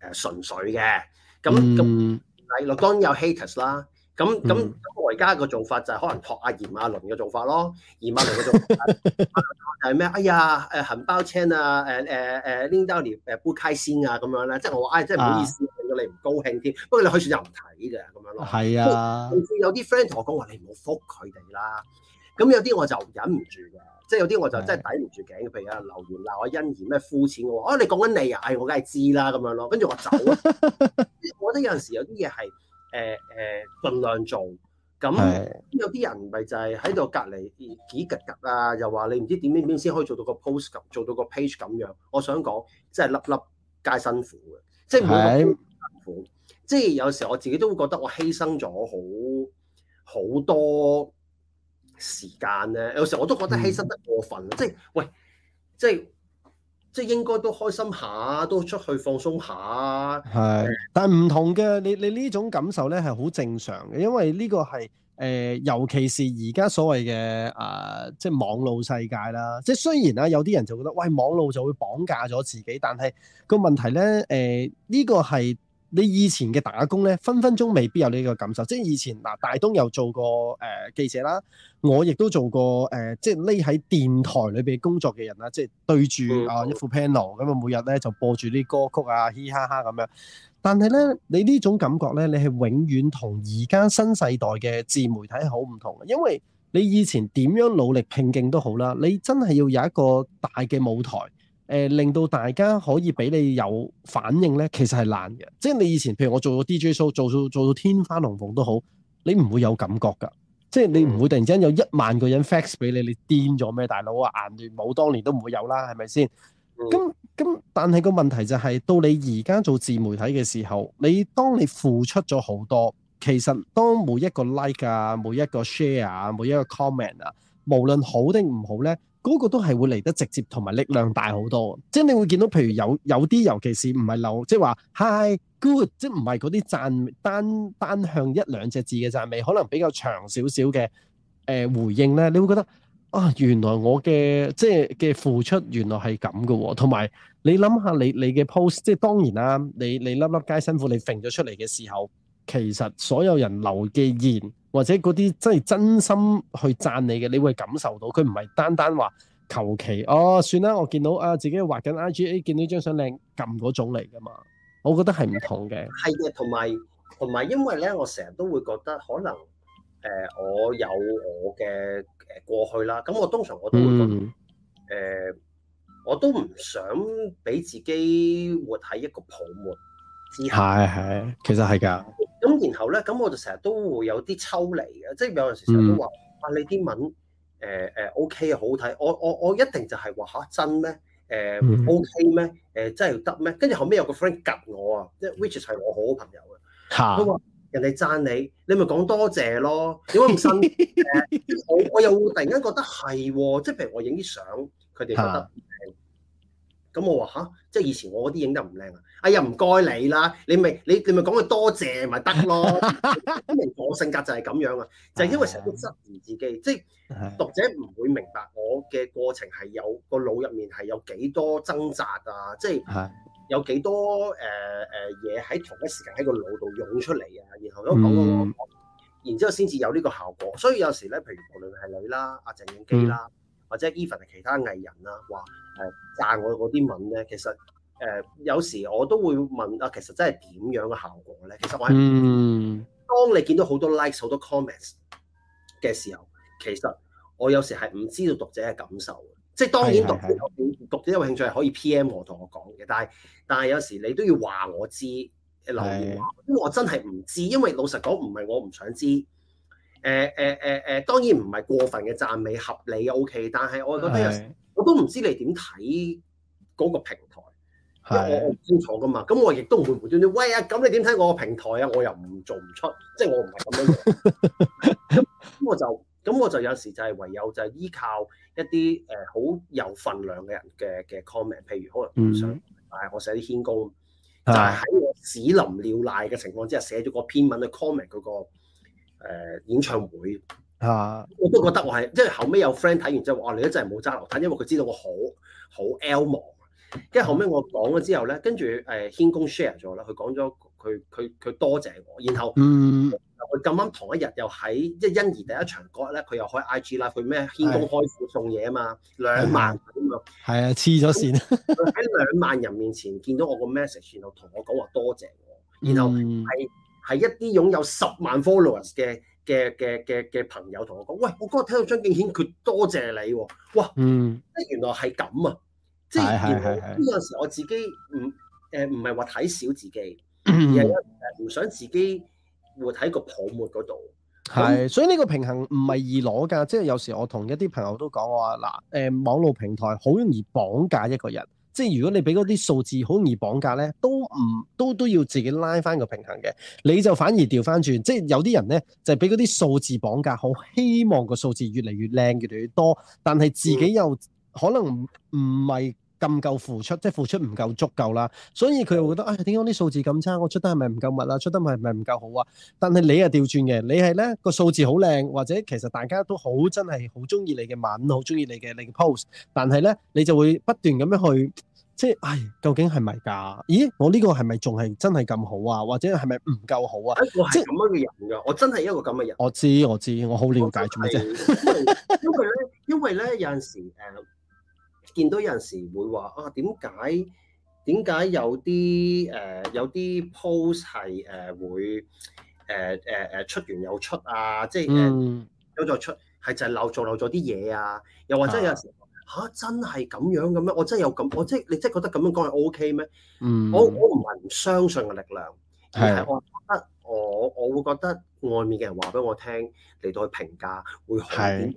呃、純粹嘅，咁咁係咯，嗯、當然有 haters 啦。咁咁、嗯、我而家個做法就係可能托阿嚴阿倫嘅做法咯，嚴阿倫嘅做法就係咩？哎呀，誒、嗯、恆包車啊，誒誒誒，Lindley a 誒布雞先啊，咁、啊啊、樣咧，即、就、係、是、我話，唉，真係唔好意思，令到、啊、你唔高興添。不過你可以選擇唔睇嘅咁樣咯。係啊，有啲 friend 同我講話，你唔好覆佢哋啦。咁有啲我就忍唔住嘅，即係有啲我就真係抵唔住頸譬是的 如啊，留言鬧阿欣怡咩膚淺嘅哦，你講緊你啊，唉，我梗係知啦咁樣咯，跟住我，我走。啊。我覺得，我覺得有陣時有啲嘢係。 誒誒，儘量做咁，有啲人咪就係喺度隔離幾吉吉啊，又話你唔知點樣點樣先可以做到個 post 咁，做到個 page 咁樣。我想講，即係粒粒皆辛苦嘅，即係每個都辛苦，是的 即係有時我自己都會覺得我犧牲咗好好多時間咧。有時我都覺得犧牲得過分，嗯、即係喂，即係。即係應該都開心下，都出去放鬆下。係，但係唔同嘅，你你呢種感受咧係好正常嘅，因為呢個係誒、呃，尤其是而家所謂嘅啊、呃，即係網絡世界啦。即係雖然啦，有啲人就覺得喂網絡就會綁架咗自己，但係個問題咧誒，呢個係。你以前嘅打工呢，分分鐘未必有呢個感受。即係以前嗱，大東又做過誒、呃、記者啦，我亦都做過誒、呃，即係匿喺電台裏邊工作嘅人啦，即係對住啊一副 panel，咁啊每日呢就播住啲歌曲啊，嘻哈哈咁樣。但係呢，你呢種感覺呢，你係永遠同而家新世代嘅自媒體係好唔同。因為你以前點樣努力拼勁都好啦，你真係要有一個大嘅舞台。誒、呃、令到大家可以俾你有反應呢，其實係難嘅。即係你以前，譬如我做咗 DJ show，做到天花龍鳳都好，你唔會有感覺㗎。即係你唔會突然之間有一萬個人 fax 俾你，你癲咗咩？大佬啊，顏聯武，當年都唔會有啦，係咪先？咁咁、嗯，但係個問題就係、是、到你而家做自媒體嘅時候，你當你付出咗好多，其實當每一個 like 啊，每一個 share 啊，每一個 comment 啊，無論好定唔好呢。嗰個都係會嚟得直接同埋力量大好多，即係你會見到，譬如有有啲，尤其是唔係流，即係話 hi good，即係唔係嗰啲讚單單向一兩隻字嘅讚美，可能比較長少少嘅誒回應咧，你會覺得啊，原來我嘅即係嘅付出原來係咁嘅喎，同埋你諗下你你嘅 post，即係當然啦，你你粒粒皆辛苦，你揈咗出嚟嘅時候。其實所有人留嘅言，或者嗰啲真係真心去讚你嘅，你會感受到佢唔係單單話求其哦算啦。我見到啊自己畫緊 I G A，見到張相靚撳嗰種嚟㗎嘛。我覺得係唔同嘅，係嘅，同埋同埋，因為咧，我成日都會覺得可能誒、呃，我有我嘅誒過去啦。咁我通常我都會誒、嗯呃，我都唔想俾自己活喺一個泡沫之下，係，係，其實係㗎。咁然後咧，咁我就成日都會有啲抽離嘅，即係有陣時成日都話：哇、嗯啊，你啲文誒誒 O K 啊，呃、okay, 好睇！我我我一定就係話吓，真咩？誒 O K 咩？誒、okay 呃、真係要得咩、哦？跟住後尾有個 friend 及我，啊、嗯、我啊，即係 which 係我好好朋友嘅，佢話人哋贊你，你咪講多謝咯。點解唔信？我我又會突然間覺得係，即係譬如我影啲相，佢哋覺得靚，咁我話吓，即係以前我嗰啲影得唔靚啊。哎呀，唔該你啦，你咪你你咪講佢多謝咪得咯， 因為我性格就係咁樣啊，就係、是、因為成日都質疑自己，即、就、係、是、讀者唔會明白我嘅過程係有個腦入面係有幾多掙扎啊，即、就、係、是、有幾多誒誒嘢喺同一時間喺個腦度湧出嚟啊，然後都講到我，嗯、然之後先至有呢個效果，所以有時咧，譬如無論係女啦，阿鄭永基啦，嗯、或者 Even 係其他藝人啦，話誒讚我嗰啲文咧，其實。誒、uh, 有時我都會問啊，其實真係點樣嘅效果咧？其實我係、mm. 當你見到好多 likes 好多 comments 嘅時候，其實我有時係唔知道讀者嘅感受，即係當然讀讀者有興趣係可以 PM 我同我講嘅，但係但係有時你都要話我知留言，是因為我真係唔知。因為老實講唔係我唔想知誒誒誒誒，當然唔係過分嘅讚美合理 OK，但係我覺得有是我都唔知你點睇嗰個平台。係我我唔清楚噶嘛，咁我亦都唔會胡亂亂噏啊！咁你點睇我個平台啊？我又唔做唔出，即係我唔係咁樣做。咁 我就咁我就有時就係唯有就係依靠一啲誒好有份量嘅人嘅嘅 comment，譬如可能唔想，嗯、但係我寫啲軒公的就係喺我屎淋尿瀨嘅情況之下寫咗個篇文去 comment 嗰、那個、呃、演唱會。啊！我都覺得我係，因為後尾有 friend 睇完之後話：你真係冇揸流攤，因為佢知道我好好 l 忙。跟住後尾我講咗之後咧，跟住誒軒公 share 咗啦，佢講咗佢佢佢多謝我，然後佢咁啱同一日又喺即係欣兒第一場嗰日咧，佢又開 IG 啦，佢咩軒公開庫送嘢啊嘛，的兩萬咁的樣，係啊黐咗線佢喺兩萬人面前見到我個 message，然後同我講話多謝我，然後係係、嗯、一啲擁有十萬 followers 嘅嘅嘅嘅嘅朋友同我講，喂，我嗰日聽到張敬軒佢多謝你喎，哇，嗯、啊，原來係咁啊！即係，然後呢個時候我自己唔誒唔係話睇小自己，而係誒唔想自己活喺個泡沫嗰度。係，所以呢個平衡唔係易攞㗎。即係有時我同一啲朋友都講我話嗱，誒、啊呃、網絡平台好容易綁架一個人。即係如果你俾嗰啲數字好容易綁架咧，都唔都都要自己拉翻個平衡嘅。你就反而調翻轉，即係有啲人咧就係俾嗰啲數字綁架好，好希望個數字越嚟越靚，越嚟越多，但係自己又、嗯、可能唔唔係。咁夠付出，即係付出唔夠足夠啦，所以佢會覺得，唉，點解我啲數字咁差？我出得係咪唔夠密啊？出得係咪唔夠好啊？但係你又調轉嘅，你係咧個數字好靚，或者其實大家都好真係好中意你嘅文，好中意你嘅你嘅 pose，但係咧你就會不斷咁樣去，即係，唉，究竟係咪㗎？咦，我呢個係咪仲係真係咁好啊？或者係咪唔夠好啊？誒，我係咁樣嘅人㗎，我真係一個咁嘅人。我知我知，我好了解，做咩啫？因為咧，因為咧，有陣時誒。見到有陣時會話啊，點解點解有啲誒、呃、有啲 post 係誒會誒誒誒出完又出啊？即係有、嗯呃、再出係就係漏做漏咗啲嘢啊？又或者有時吓、啊啊，真係咁樣嘅咩？我真係有咁，我即係你即係覺得咁樣講係 OK 咩？我我唔係唔相信嘅力量，而係我覺得是我我會覺得外面嘅人話俾我聽嚟到去評價會好是是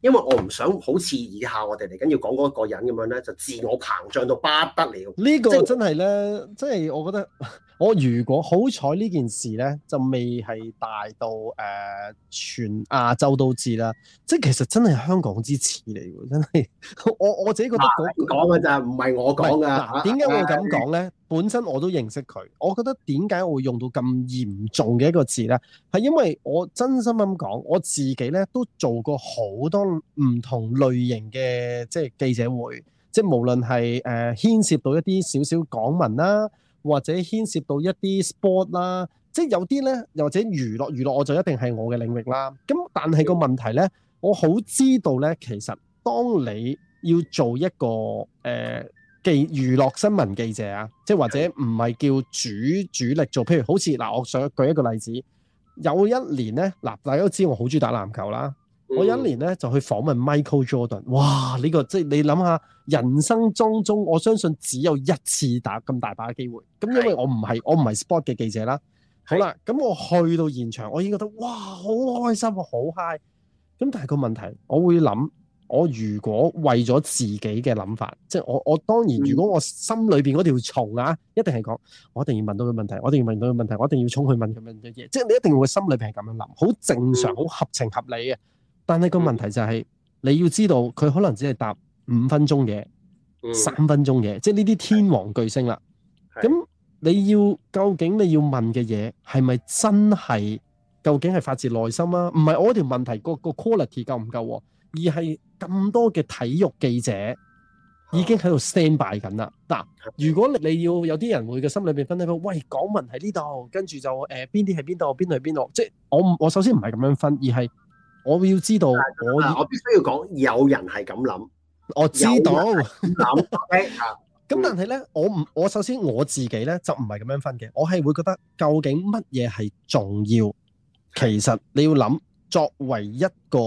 因為我唔想好似以下我哋嚟緊要講嗰個人咁樣咧，就自我膨脹到不得了。這個即呢個真係咧，真係我覺得。 我如果好彩呢件事呢，就未係大到誒、呃、全亞洲都知啦。即係其實真係香港之恥嚟喎，真係我我自己覺得講嘅噶咋，唔係、啊、我講噶。點解、啊、我咁講呢？啊、本身我都認識佢，我覺得點解我會用到咁嚴重嘅一個字呢？係因為我真心咁講，我自己呢都做過好多唔同類型嘅即係記者會，即係無論係誒、呃、牽涉到一啲少少港民啦。或者牽涉到一啲 sport 啦，即係有啲呢，又或者娛樂娛樂我就一定係我嘅領域啦。咁但係個問題呢，我好知道呢，其實當你要做一個誒記娛樂新聞記者啊，即係或者唔係叫主主力做，譬如好似嗱，我想舉一個例子，有一年呢，嗱大家都知我好中意打籃球啦。我一年咧就去訪問 Michael Jordan，哇！呢、這個即係、就是、你諗下，人生當中，中我相信只有一次打咁大把嘅機會。咁因為我唔係我唔係 sport 嘅記者啦。嗯、好啦，咁我去到現場，我已經覺得哇，好開心，好 high。咁但係個問題，我會諗，我如果為咗自己嘅諗法，即、就、係、是、我我當然，如果我心裏邊嗰條蟲啊，一定係講，我一定要問到個問題，我一定要問到個問題，我一定要衝去問佢問嘅嘢。即、就、係、是、你一定會心裏邊係咁樣諗，好正常，好合情合理嘅。但係個問題就係，你要知道佢可能只係答五分鐘嘢，三、嗯、分鐘嘢，即係呢啲天王巨星啦。咁的你要究竟你要問嘅嘢係咪真係？究竟係發自內心啊？唔係我條問題個個 quality 夠唔夠？而係咁多嘅體育記者已經喺度 stand by 緊啦。嗱，如果你要有啲人會嘅心裏邊分析，喂，港聞喺呢度，跟住就誒邊啲喺邊度，邊度喺邊度。即係我我首先唔係咁樣分，而係。我要知道我，我我必須要講，有人係咁諗，我知道諗。咁 但係咧，我唔，我首先我自己咧就唔係咁樣分嘅。我係會覺得究竟乜嘢係重要？其實你要諗，作為一個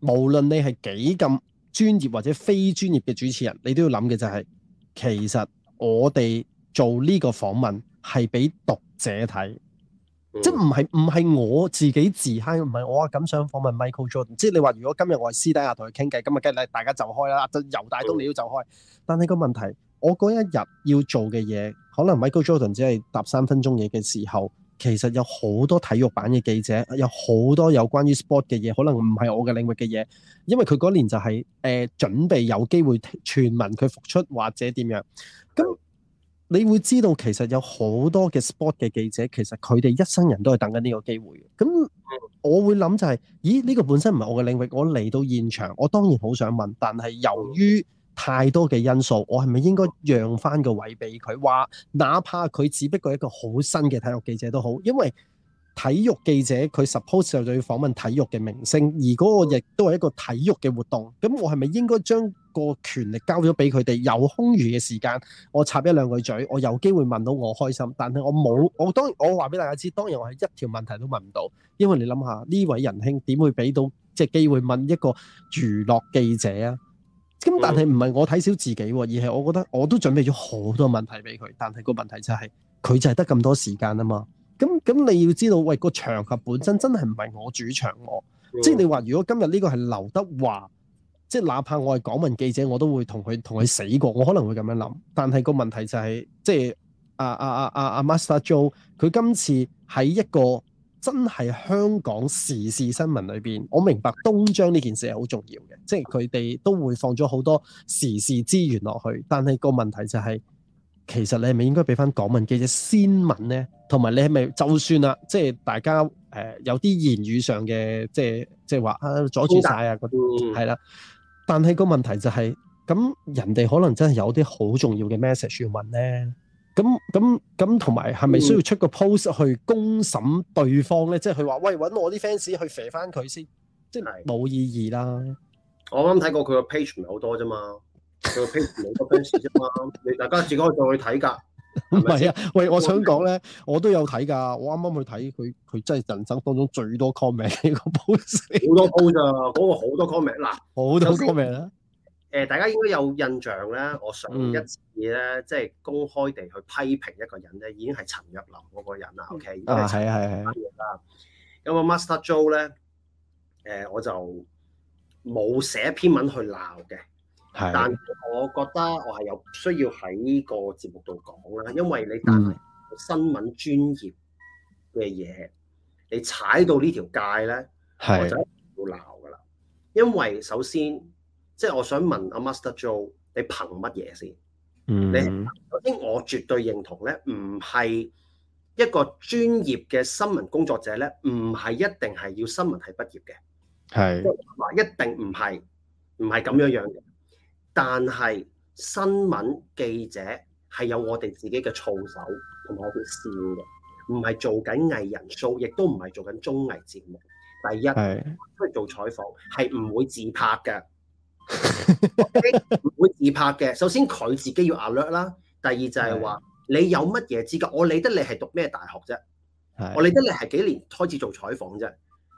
無論你係幾咁專業或者非專業嘅主持人，你都要諗嘅就係、是，其實我哋做呢個訪問係俾讀者睇。即係唔係唔係我自己自嗨，唔係我咁想訪問 Michael Jordan。即係你話，如果今日我係私底下同佢傾偈，今日梗係大家就開啦，就由大東你要就開。但係個問題，我嗰一日要做嘅嘢，可能 Michael Jordan 只係搭三分鐘嘢嘅時候，其實有好多體育版嘅記者，有好多有關於 sport 嘅嘢，可能唔係我嘅領域嘅嘢，因為佢嗰年就係、是、誒、呃、準備有機會傳聞佢復出或者點樣。咁你會知道其實有好多嘅 sport 嘅記者，其實佢哋一生人都係等緊呢個機會嘅。咁我會諗就係，咦？呢個本身唔係我嘅領域，我嚟到現場，我當然好想問，但係由於太多嘅因素，我係咪應該讓翻個位俾佢？話哪怕佢只不過一個好新嘅體育記者都好，因為體育記者佢 suppose 就就要訪問體育嘅明星，而嗰個亦都係一個體育嘅活動。咁我係咪應該將個權力交咗俾佢哋，有空餘嘅時間，我插一兩句嘴，我有機會問到我開心。但係我冇，我當然我話俾大家知，當然我係一條問題都問唔到，因為你諗下呢位仁兄點會俾到即係機會問一個娛樂記者啊？咁但係唔係我睇小自己，而係我覺得我都準備咗好多問題俾佢。但係個問題就係、是、佢就係得咁多時間啊嘛。咁咁你要知道，喂個場合本身真係唔係我主場我，我即係你話如果今日呢個係劉德華。即係哪怕我係港聞記者，我都會同佢同佢死過。我可能會咁樣諗，但係個問題就係、是，即係阿阿阿阿阿 Master Joe，佢今次喺一個真係香港時事新聞裏邊，我明白東張呢件事係好重要嘅，即係佢哋都會放咗好多時事資源落去。但係個問題就係、是，其實你係咪應該俾翻港聞記者先問呢？同埋你係咪就算啦？即係大家誒、呃、有啲言語上嘅，即係即係話、啊、阻住晒啊嗰啲，係啦。嗯但係個問題就係、是，咁人哋可能真係有啲好重要嘅 message 要問咧，咁咁咁同埋係咪需要出個 post 去公審對方咧？即係佢話：喂，搵我啲 fans 去肥翻佢先，即係冇意義啦。我啱睇過佢個 page 唔係好多啫嘛，佢個 page 冇多 fans 啫嘛， 你大家自己可以再去睇㗎。唔係啊，喂！我想講咧，我都有睇噶。我啱啱去睇佢，佢真係人生當中最多 comment 個好 多鋪咋，個好多 comment。嗱 算，好多 comment 啦。誒，大家應該有印象咧，我上一次咧即係公開地去批評一個人咧，已經係陳日林嗰個人啦。O、okay? K。啊，係啊，係係。咁啊，Monster Joe 咧，誒、呃，我就冇寫篇文去鬧嘅。但係我覺得我係有需要喺呢個節目度講啦，因為你作為新聞專業嘅嘢，嗯、你踩到呢條界咧，是我就要鬧㗎啦。因為首先，即係我想問阿 Master Joe，你憑乜嘢先？嗯，你首先我絕對認同咧，唔係一個專業嘅新聞工作者咧，唔係一定係要新聞系畢業嘅。係是一定唔係唔係咁樣樣嘅。但係新聞記者係有我哋自己嘅操守同埋我哋線嘅，唔係做緊藝人 show 亦都唔係做緊綜藝節目。第一出去是做採訪係唔會自拍嘅，唔、 okay，會自拍嘅。首先佢自己要 alert 啦，第二就係話是你有乜嘢資格？我理得你係讀咩大學啫，是我理得你係幾年開始做採訪啫，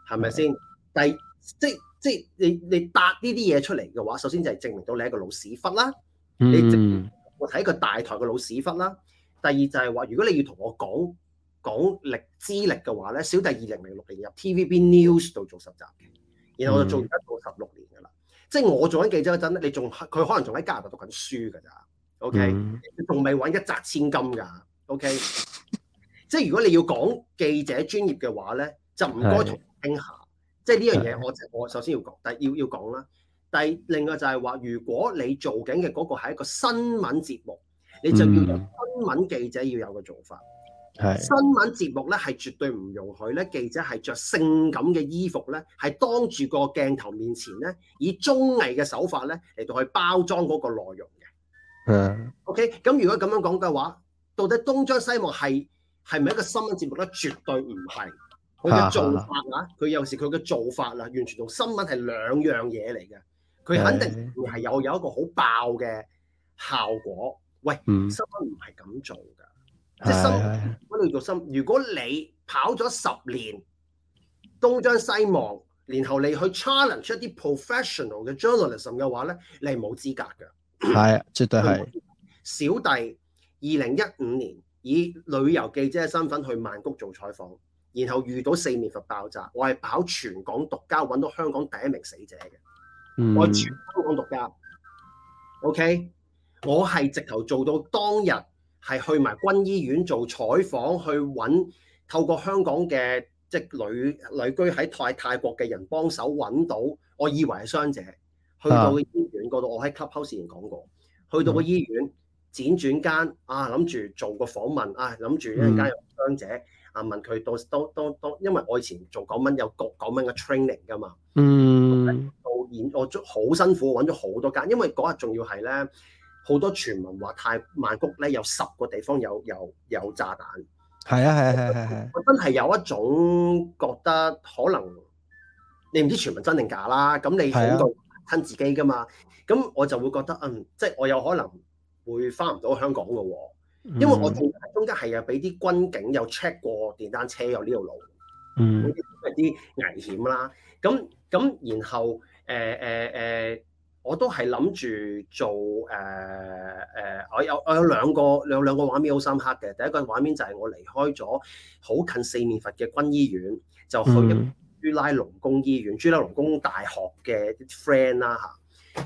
係咪先？是但即即你你答呢啲嘢出嚟嘅話，首先就係證明到你係一個老屎忽啦。你我睇一個大台嘅老屎忽啦。第二就係話，如果你要同我講講力資歷嘅話咧，小弟二零零六年入 TVB News 度做實習嘅，然後我就做咗做十六年噶啦。嗯、即我做緊記者嗰陣，你仲佢可能仲喺加拿大讀緊書㗎咋？OK，、嗯、你仲未揾一紮千金㗎？OK， 即如果你要講記者專業嘅話咧，就唔該同我傾下。即係呢樣嘢，我我首先要講，但係要要講啦。但係另外就係話，如果你做緊嘅嗰個係一個新聞節目，你就要有新聞記者要有個做法。係、mm hmm. 新聞節目咧，係絕對唔容許咧，記者係着性感嘅衣服咧，係當住個鏡頭面前咧，以綜藝嘅手法咧嚟到去包裝嗰個內容嘅。嗯、mm。Hmm. OK，咁如果咁樣講嘅話，到底東張西望係係咪一個新聞節目咧？絕對唔係。佢嘅做法啊，佢有時佢嘅做法啊，完全同新聞係兩樣嘢嚟嘅。佢肯定係有有一個好爆嘅效果。喂，嗯、新聞唔係咁做㗎，是的 即係新嗰度做新。是的 如果你跑咗十年東張西望，然後你去 challenge 一啲 professional 嘅 journalism 嘅話咧，你係冇資格㗎。係，絕對係。小弟二零一五年以旅遊記者嘅身份去曼谷做採訪。然後遇到四面佛爆炸，我係跑全港獨家揾到香港第一名死者嘅，我係全香港獨家。嗯、OK，我係直頭做到當日係去埋軍醫院做採訪，去揾透過香港嘅即旅旅居喺泰泰國嘅人幫手揾到，我以為係傷者。去到醫院嗰度，啊、我喺 Clubhouse 前講過，去到個醫院，輾轉間啊，諗住做個訪問，啊，諗住一陣間有傷者。嗯啊！問佢到到到到，因為我以前做九蚊有九九蚊嘅 training 㗎嘛。嗯。到演我好辛苦，揾咗好多間，因為嗰日仲要係咧，好多傳聞話泰曼谷咧有十個地方有有有炸彈。係啊係係係係。我真係有一種覺得可能你唔知傳聞真定假啦，咁你喺度親自己㗎嘛？咁、啊啊啊、我就會覺得嗯，即係我有可能會翻唔到香港㗎喎、啊。因為我仲中間係又俾啲軍警有 check 過電單車有呢條路，嗯，因為啲危險啦，咁咁然後誒誒誒，我都係諗住做誒誒、呃呃，我有我有兩個有兩個畫面好深刻嘅，第一個畫面就係我離開咗好近四面佛嘅軍醫院，就去朱拉隆功醫院，朱拉隆功大學嘅啲 friend 啦。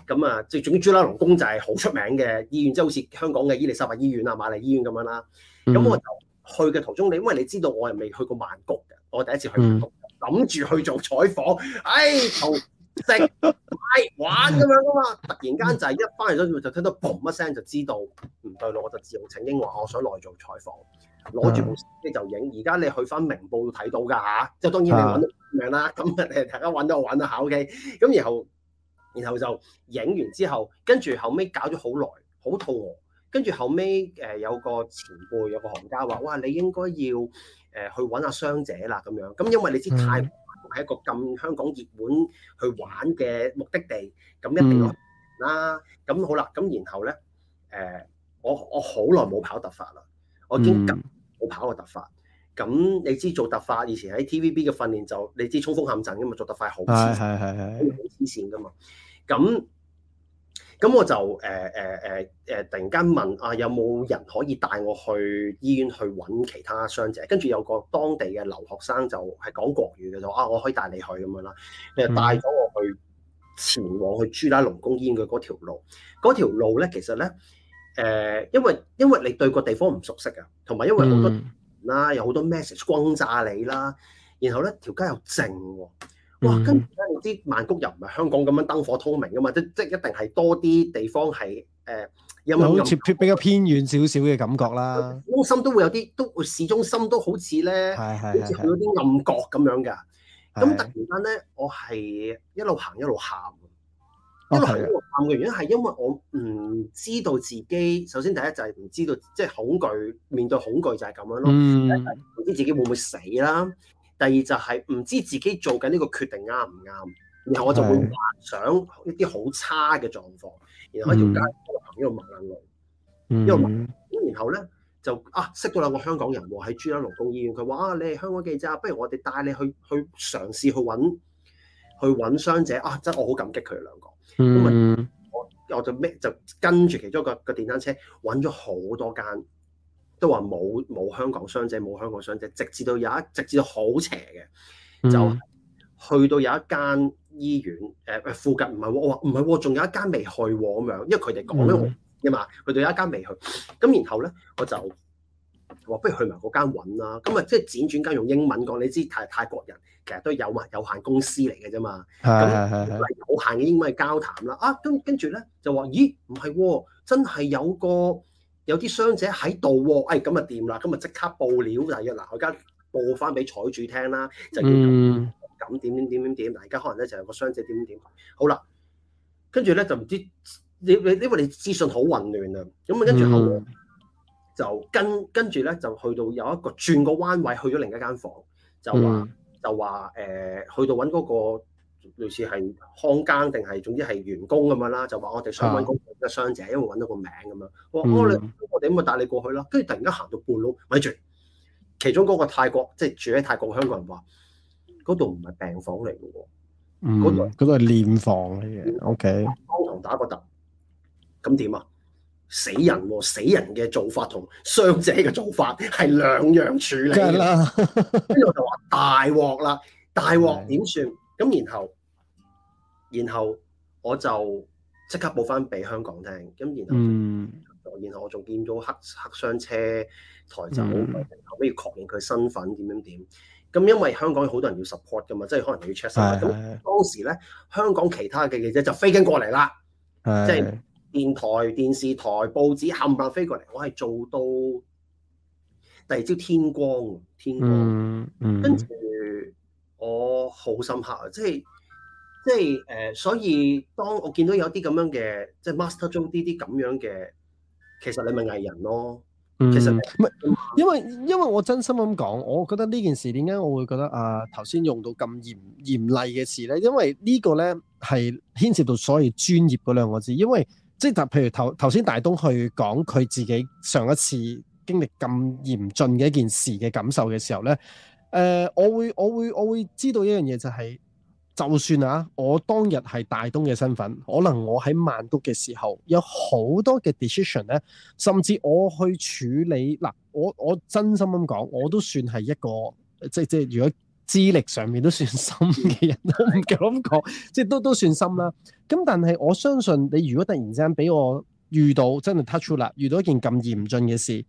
咁啊，即係總之，啦、嗯，朱拉隆功就係好出名嘅醫院，即係好似香港嘅伊利沙伯醫院啊、瑪麗醫院咁樣啦。咁、嗯、我就去嘅途中，你因為你知道我係未去過曼谷嘅，我第一次去曼谷，諗住、嗯、去做採訪，唉、哎，食買玩咁樣啊嘛。突然間就一翻嚟就聽到砰一聲，就知道唔對路，我就自動請纓話我想內做採訪，攞住部機就影。而家你去翻明報睇到㗎嚇，即、啊、係當然你揾到咁樣啦。咁誒，大家揾到揾到，下 OK、啊。咁、啊、然後。然後就影完之後，跟住後尾搞咗好耐，好肚餓。跟住後尾，誒、呃、有個前輩，有個行家話，哇，你應該要誒、呃、去揾下傷者啦咁樣。咁因為你知泰國係一個咁香港熱門去玩嘅目的地，咁一定啦。咁好啦，咁然後咧誒，我我好耐冇跑突發啦，我已經咁冇跑過突發。咁你知做特發以前喺 TVB 嘅訓練就你知衝鋒陷陣㗎嘛，做特快好係係係黐線㗎嘛。咁咁我就誒誒誒誒，突然間問啊，有冇人可以帶我去醫院去揾其他傷者？跟住有個當地嘅留學生就係講國語嘅就啊，我可以帶你去咁樣啦。你就帶咗我去前往去朱拉隆功醫院嘅嗰條路。嗰條路咧其實咧誒、呃，因為因為你對個地方唔熟悉啊，同埋因為好多。嗯啦，有好多 message 轟炸你啦，然後咧條街又靜喎、啊，哇！跟住咧啲曼谷又唔係香港咁樣燈火通明㗎嘛，即即一定係多啲地方係誒、呃、有冇？有好似比較偏遠少少嘅感覺啦、嗯。中心都會有啲，都市中心都好似咧，是是是是好似去有啲暗角咁樣嘅。咁是突然間咧，是是我係一路行一路喊。Okay. 一路行一路暗嘅原因係因為我唔知道自己首先第一就係、是、唔知道即係、就是、恐懼面對恐懼就係咁樣咯，唔、mm hmm. 知自己會唔會死啦。第二就係唔知自己做緊呢個決定啱唔啱，然後我就會幻想一啲好差嘅狀況，Okay. 然後喺條街一,一路行、mm hmm. 一路抹眼淚，一路抹咁。然後咧就啊識到兩個香港人喎，喺珠江勞工醫院佢話、啊：你係香港記者，不如我哋帶你去去嘗試去揾去揾傷者啊！真係我好感激佢哋兩個。咁啊，我我就咩就跟住其中一個個電單車揾咗好多間，都話冇冇香港傷者，冇香港傷者，直至到有一直至到好邪嘅，就係、去到有一間醫院，誒、呃、誒附近唔係喎，唔係仲有一間未去喎咁樣，因為佢哋講俾我㗎嘛，mm hmm. 去到有一間未去，咁然後咧我就。話不如去埋嗰間揾啦，咁啊即係輾轉間用英文講，你知泰泰國人其實都有埋有限公司嚟嘅啫嘛，咁的有限嘅英文交談啦，啊跟跟住咧就話咦唔係喎，真係有個有啲傷者喺度喎，哎咁啊掂啦，咁啊即刻報料就係啦，我而家報翻俾彩主聽啦，就叫咁點點點點點，嗱而家可能咧就有個傷者點點點，好啦，跟住咧就唔知你你因為你,你資訊好混亂啊，咁啊跟住後。嗯就跟跟住咧，就去到有一個轉個彎位，去咗另一間房，就話、嗯、就話誒、呃，去到揾嗰、嗰個類似係看更定係總之係員工咁樣啦，就話我哋想揾嗰個傷者，啊、因為揾到個名咁樣。我、嗯、哦我哋咁啊帶你過去啦。跟住突然間行到半路，咪住，其中嗰個泰國即係住喺泰國香港人話，嗰度唔係病房嚟嘅喎，嗰嗰係殮房嚟嘅。O K，當堂打個突，咁點啊？死人喎，死人嘅做法同傷者嘅做法係兩樣處理嘅。跟住我就話大鑊啦，大鑊點算？咁然後，然後我就即刻報返俾香港聽。咁然後，嗯，然後我仲見到黑黑箱車抬走，嗯、然後尾要確認佢身份點點點。咁因為香港有好多人要 support 㗎嘛，即係可能要 check 身。咁的當時咧，香港其他嘅記者就飛緊過嚟啦，的即係。電台、電視台、報紙冚唪唥飛過嚟，我係做到第二朝天光，天光。嗯嗯、跟住我好深刻啊，即係即係誒、呃，所以當我見到有啲咁樣嘅，即係 Monster Joe 呢啲咁樣嘅，其實你咪藝人咯。嗯、其實唔係，因為因為我真心咁講，我覺得呢件事點解我會覺得啊，頭先用到咁嚴嚴厲嘅詞咧，因為呢個咧係牽涉到所謂專業嗰兩個字，因為。即係，譬如頭頭先大東去講佢自己上一次經歷咁嚴峻嘅一件事嘅感受嘅時候呢，誒、呃，我會我會我會知道一樣嘢，就係、是，就算啊，我當日係大東嘅身份，可能我喺曼谷嘅時候有好多嘅 decision 咧，甚至我去處理嗱，我我真心咁講，我都算係一個，即即係如果。資歷上面 都，都算深嘅人都唔敢講，即係都都算深啦。咁但係我相信，你如果突然之間俾我遇到真係 touch 到啦，遇到一件咁嚴峻嘅事，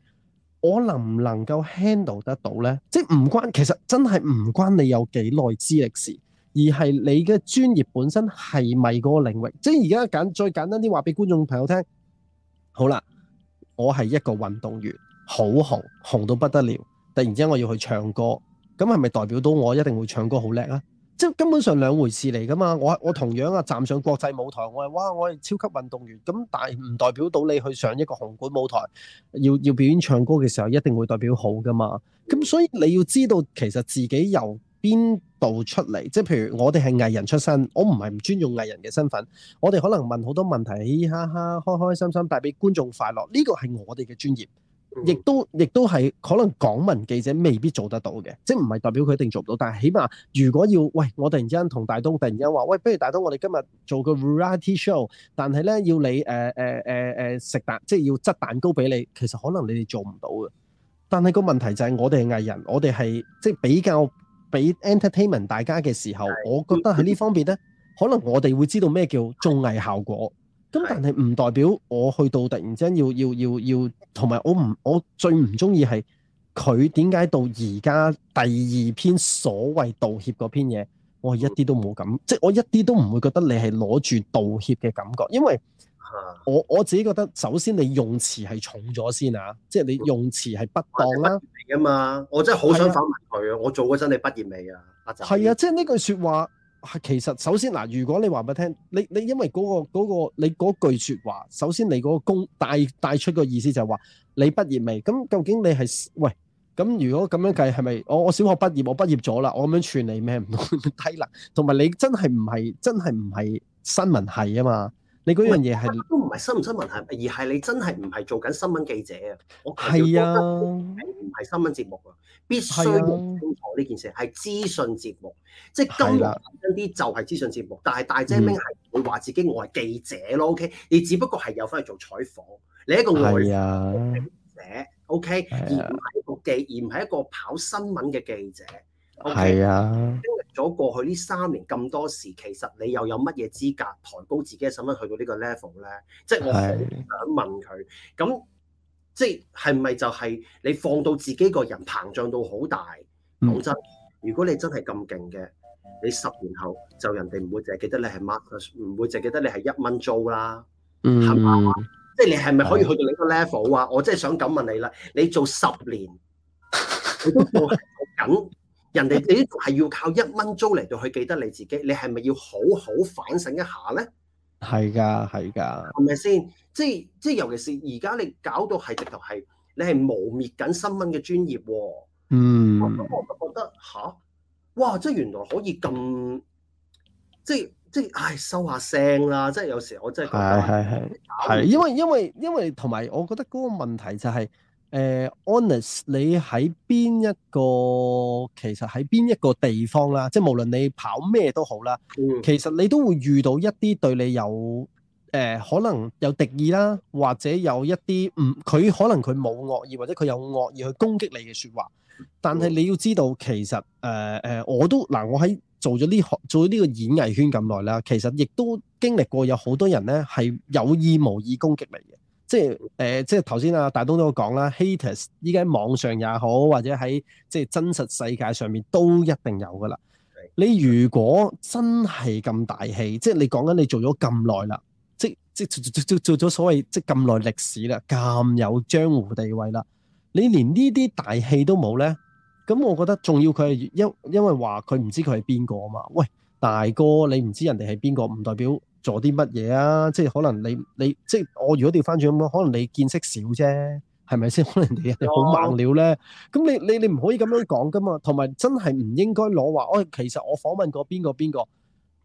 我能唔能夠 handle 得到呢？即係唔關，其實真係唔關你有幾耐資歷事，而係你嘅專業本身係咪個領域？即係而家簡再簡單啲話俾觀眾朋友聽，好啦，我係一個運動員，好紅，紅到不得了。突然之間我要去唱歌。咁係咪代表到我一定會唱歌好叻啊？即係根本上兩回事嚟噶嘛。我我同樣啊站上國際舞台，我係哇，我係超級運動員。咁但係唔代表到你去上一個紅館舞台，要要表演唱歌嘅時候，一定會代表好噶嘛。咁所以你要知道，其實自己由邊度出嚟。即係譬如我哋係藝人出身，我唔係唔尊重藝人嘅身份。我哋可能問好多問題，嘻嘻哈哈，開開心心，帶俾觀眾快樂。呢、呢個係我哋嘅專業。亦都亦都係可能港民記者未必做得到嘅，即係唔係代表佢一定做唔到，但係起碼如果要喂，我突然之間同大東突然之間話喂，不如大東我哋今日做個 variety show，但係咧要你誒誒誒誒食蛋，即係要執蛋糕俾你，其實可能你哋做唔到嘅。但係個問題就係我哋係藝人，我哋係即係比較俾 entertainment 大家嘅時候，我覺得喺呢方面咧，可能我哋會知道咩叫綜藝效果。咁但係唔代表我去到突然之間要要要要，同埋我唔我最唔中意係佢點解到而家第二篇所謂道歉嗰篇嘢，我一啲都冇感，即係我一啲都唔會覺得你係攞住道歉嘅感覺，因為我我自己覺得首先你用詞係重咗先啊，即係你用詞係不當啦。噶嘛，我真係好想反問佢啊！我做嗰陣你畢業未啊？係啊，即係呢句説話。其實首先嗱、啊，如果你話俾我聽，你你因為嗰、嗰個、嗰個、你嗰句説話，首先你嗰個公帶帶出個意思就係話你畢業未？咁究竟你係喂？咁如果咁樣計係咪？我我小學畢業，我畢業咗啦，我咁樣串你咩唔好低啦？同 埋你真係唔係真係唔係新聞系啊嘛？你嗰樣嘢係都唔係新唔新聞係，而係你真係唔係做緊新聞記者啊！我覺得唔係新聞節目啊，必須要清楚呢件事係資訊節目，啊、即係今日真啲就係資訊節目。但係大 j i m 係唔會話自己我係記者咯、啊、，OK？你只不過係有翻去做採訪，你一個外記者，OK？、啊啊、而唔係個記者，而唔係一個跑新聞嘅記者。係 Okay. 啊，經歷咗過去呢三年咁多事，其實你又有乜嘢資格抬高自己嘅身份去到個呢個 level 咧？即、就、係、是、我想問佢，咁即係係咪就係、是、你放到自己個人膨脹到好大？講、嗯、真，如果你真係咁勁嘅，你十年後就人哋唔會淨係記得你係 mark，唔會淨係記得你係一蚊租啦。係咪、嗯？即係、就是、你係咪可以去到呢個 level 啊？的我真係想噉問你啦，你做十年，你都好緊。人哋你係要靠一蚊租嚟到去記得你自己，你係咪要好好反省一下咧？係㗎，係㗎，係咪先？即係即係，尤其是而家你搞到係直頭係，你係污蔑緊新聞嘅專業、啊。嗯，咁我就覺得吓、啊？哇！即係原來可以咁，即係即係，唉，收下聲啦、啊！即係有時我真係覺得係係係，係的因為因為因為同埋，我覺得嗰個問題就係、是。誒 o n e s、uh, honest，你喺邊一個？其實喺邊一個地方啦，即係無論你跑咩都好啦，嗯、其實你都會遇到一啲對你有誒、呃，可能有敵意啦，或者有一啲唔，佢、嗯、可能佢冇惡意，或者佢有惡意去攻擊你嘅説話。但係你要知道，嗯、其實誒誒、呃，我都嗱、呃，我喺做咗呢學，做咗呢個演藝圈咁耐啦，其實亦都經歷過有好多人呢係有意無意攻擊你嘅。即係誒、呃，即係頭先阿大東都講啦 haters 依家喺網上也好，或者喺即係真實世界上面都一定有噶啦。 你如果真係咁大氣，即係你講緊你做咗咁耐啦，即即做做做咗所謂即咁耐歷史啦，咁有江湖地位啦，你連呢啲大氣都冇咧，咁我覺得仲要佢因因為話佢唔知佢係邊個啊嘛。喂，大哥，你唔知人哋係邊個，唔代表做啲乜嘢啊？即係可能你你即係我如果調翻轉咁樣，可能你見識少啫，係咪先？可 能你你好猛料咧。咁你你你唔可以咁樣講噶嘛。同埋真係唔應該攞話，哦，其實我訪問過邊個邊個，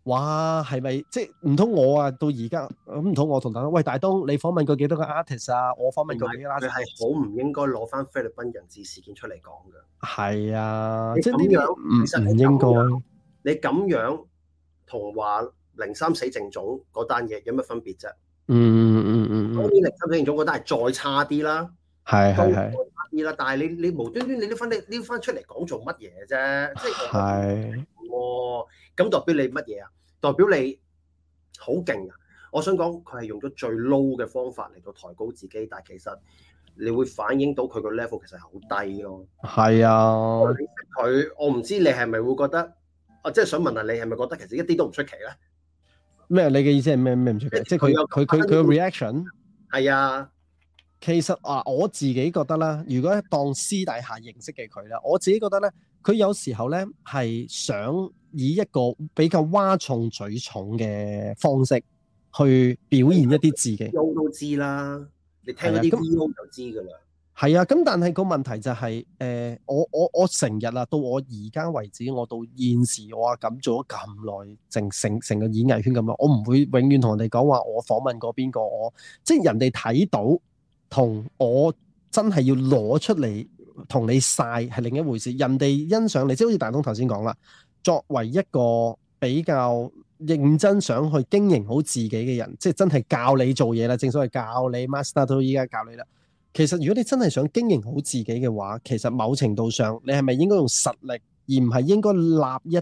哇，係咪即係唔通我啊？到而家唔通我同大東。喂大東，你訪問過幾多個 artist 啊？我訪問過，唔係，佢係好唔應該攞翻菲律賓人質事件出嚟講㗎。係啊，即係咁樣、這個、其實唔應該。你咁樣同話。零三死正總嗰單嘢有乜分別啫、嗯？嗯嗯嗯嗯嗯，零三死正總嗰單係再差啲啦，係係係，係係係差啲啦。但係你你無端端你拎翻你拎翻出嚟講做乜嘢啫？即係，哇是、啊！咁代表你乜嘢啊？代表你好勁啊！我想講佢係用咗最 low 嘅方法嚟到抬高自己，但係其實你會反映到佢個 level 其實係好低咯。係啊，佢是、啊、我唔知你係咪會覺得？我即係想問下你係咪覺得其實一啲都唔出奇咧？咩？你嘅意思係咩咩唔出奇？即係佢佢佢佢嘅 reaction 係啊。其實啊，我自己覺得啦，如果當私底下認識嘅佢啦，我自己覺得咧，佢有時候咧係想以一個比較嘩眾取寵嘅方式去表現一啲自己。都知啦，你聽嗰啲 d 就知㗎啦。係啊，咁但係個問題就係、是，誒、呃，我我我成日啊，到我而家為止，我到現時我啊咁做咗咁耐，成成成個演藝圈咁耐，我唔會永遠同人哋講話我訪問過邊個，我即係人哋睇到同我真係要攞出嚟同你晒，係另一回事。人哋欣賞你，即係好似大東頭先講啦，作為一個比較認真想去經營好自己嘅人，即係真係教你做嘢啦。正所謂教你 master 都依家教你啦。其實如果你真係想經營好自己嘅話，其實某程度上你係咪應該用實力，而唔係應該立一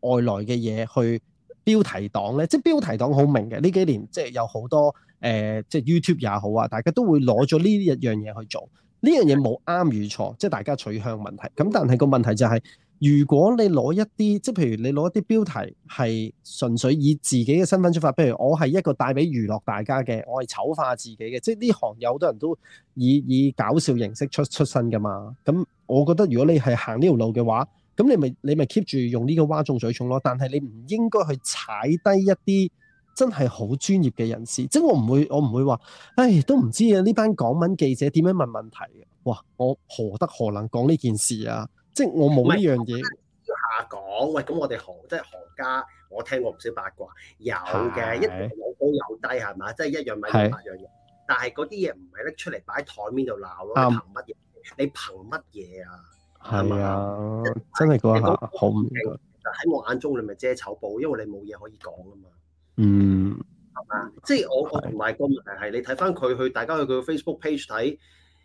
啲外來嘅嘢去標題黨呢？即係標題黨好明嘅呢幾年即、呃，即係有好多誒，即 YouTube 也好啊，大家都會攞咗呢一樣嘢去做。呢樣嘢冇啱與錯，即係大家取向問題。咁但係個問題就係、是。如果你攞一啲，即係譬如你攞一啲標題，係純粹以自己嘅身份出發，譬如我係一個帶俾娛樂大家嘅，我係醜化自己嘅，即係呢行有好多人都以以搞笑形式出出身噶嘛。咁我覺得如果你係行呢條路嘅話，咁你咪你咪 keep 住用呢個嘩眾取寵咯。但係你唔應該去踩低一啲真係好專業嘅人士。即係我唔會，我唔會話，唉，都唔知啊，呢班港聞記者點樣問問題嘅。啊，哇，我何德何能講呢件事啊？即係我冇呢樣嘢要下講，喂，咁我哋行即係行家，我聽過唔少八卦，有嘅，的一定有高有低，係嘛？即係一樣米食八樣嘢，的但係嗰啲嘢唔係拎出嚟擺喺台面度鬧咯，嗯、你憑乜嘢？你憑乜嘢啊？係嘛？真係嗰下好唔平，喺我眼中你咪、嗯、遮醜布，因為你冇嘢可以講啊嘛。嗯，係嘛？即係我我同埋個問題係，你睇翻佢去，大家去佢 Facebook page 睇。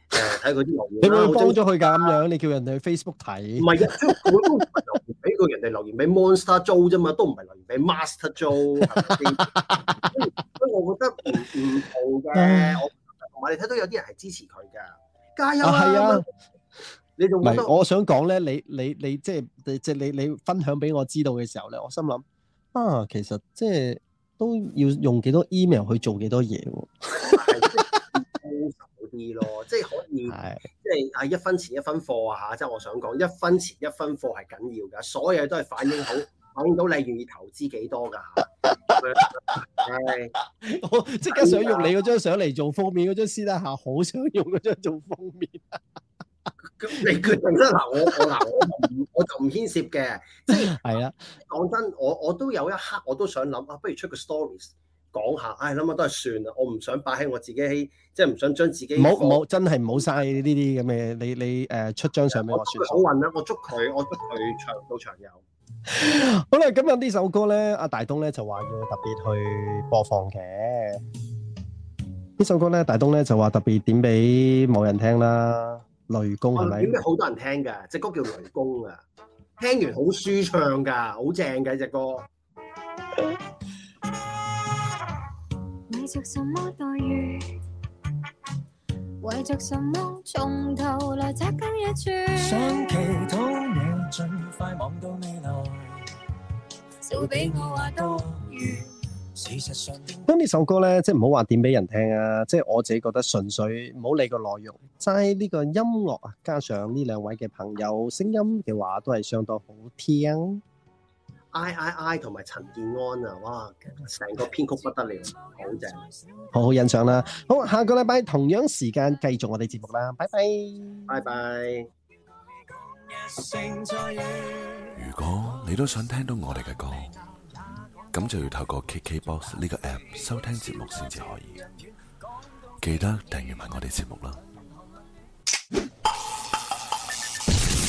誒，睇嗰啲留言，你咪幫咗佢噶咁樣，你叫人哋去 Facebook 睇。唔係嘅，我都俾過人哋留言俾 Monster Joe 啫嘛，都唔係留言俾 Master Joe。所 我覺得唔唔同嘅， 我同埋你睇到有啲人係支持佢嘅，加油啊，啊！你仲唔係？我想講咧，你你你即係即係你、就是、你，你分享俾我知道嘅時候咧，我心諗啊，其實即、就、係、是、都要用幾多 email 去做幾多嘢喎。 啲咯，即係可以，即係啊！一分錢一分貨啊！嚇，即係我想講一分錢一分貨係緊要噶，所有嘢都係反映好反映到你願意投資幾多噶嚇。係，我即刻想用你嗰張相嚟做封面嗰張先啦，好想用嗰張做封面。咁你決定真，嗱我我嗱我唔我就唔牽涉嘅，即係係啦。講真，我我都有一刻我都想諗啊，不如出個 stories。講下，唉，諗下都係算啦，我唔想擺喺我自己，即係唔想將自己。唔好唔好，真係唔好嘥呢啲咁嘅，你你誒出張相俾我算。好運啦，我捉佢，我捉佢長到長有。好啦，今日呢首歌咧，阿大東咧就話要特別去播放嘅。呢首歌咧，大東咧就話特別點俾某人聽啦，《雷公》係咪？點解好多人聽㗎？隻歌叫《雷公》啊，聽完好舒暢㗎，好正嘅隻歌。為着什麼待遇？為着什麼從頭來紮根一處？想祈禱你盡快望到未來，少俾我話多馀。事實上，當呢首歌咧，即係唔好話點俾人聽啊！即係我自己覺得純粹，唔好理個內容，齋呢個音樂啊，加上呢兩位嘅朋友聲音嘅話，都係相當好聽。I I I 同埋陳建安啊，哇，成個編曲不得了，好正，好好欣賞啦。好，下個禮拜同樣時間繼續我哋節目啦，拜拜，拜拜。如果你都想聽到我哋嘅歌，咁就要透過 KKBOX 呢個 App 收聽節目先至可以。記得訂閱埋我哋節目啦。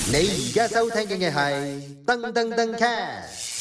你而家收聽緊嘅係噔噔噔 cast。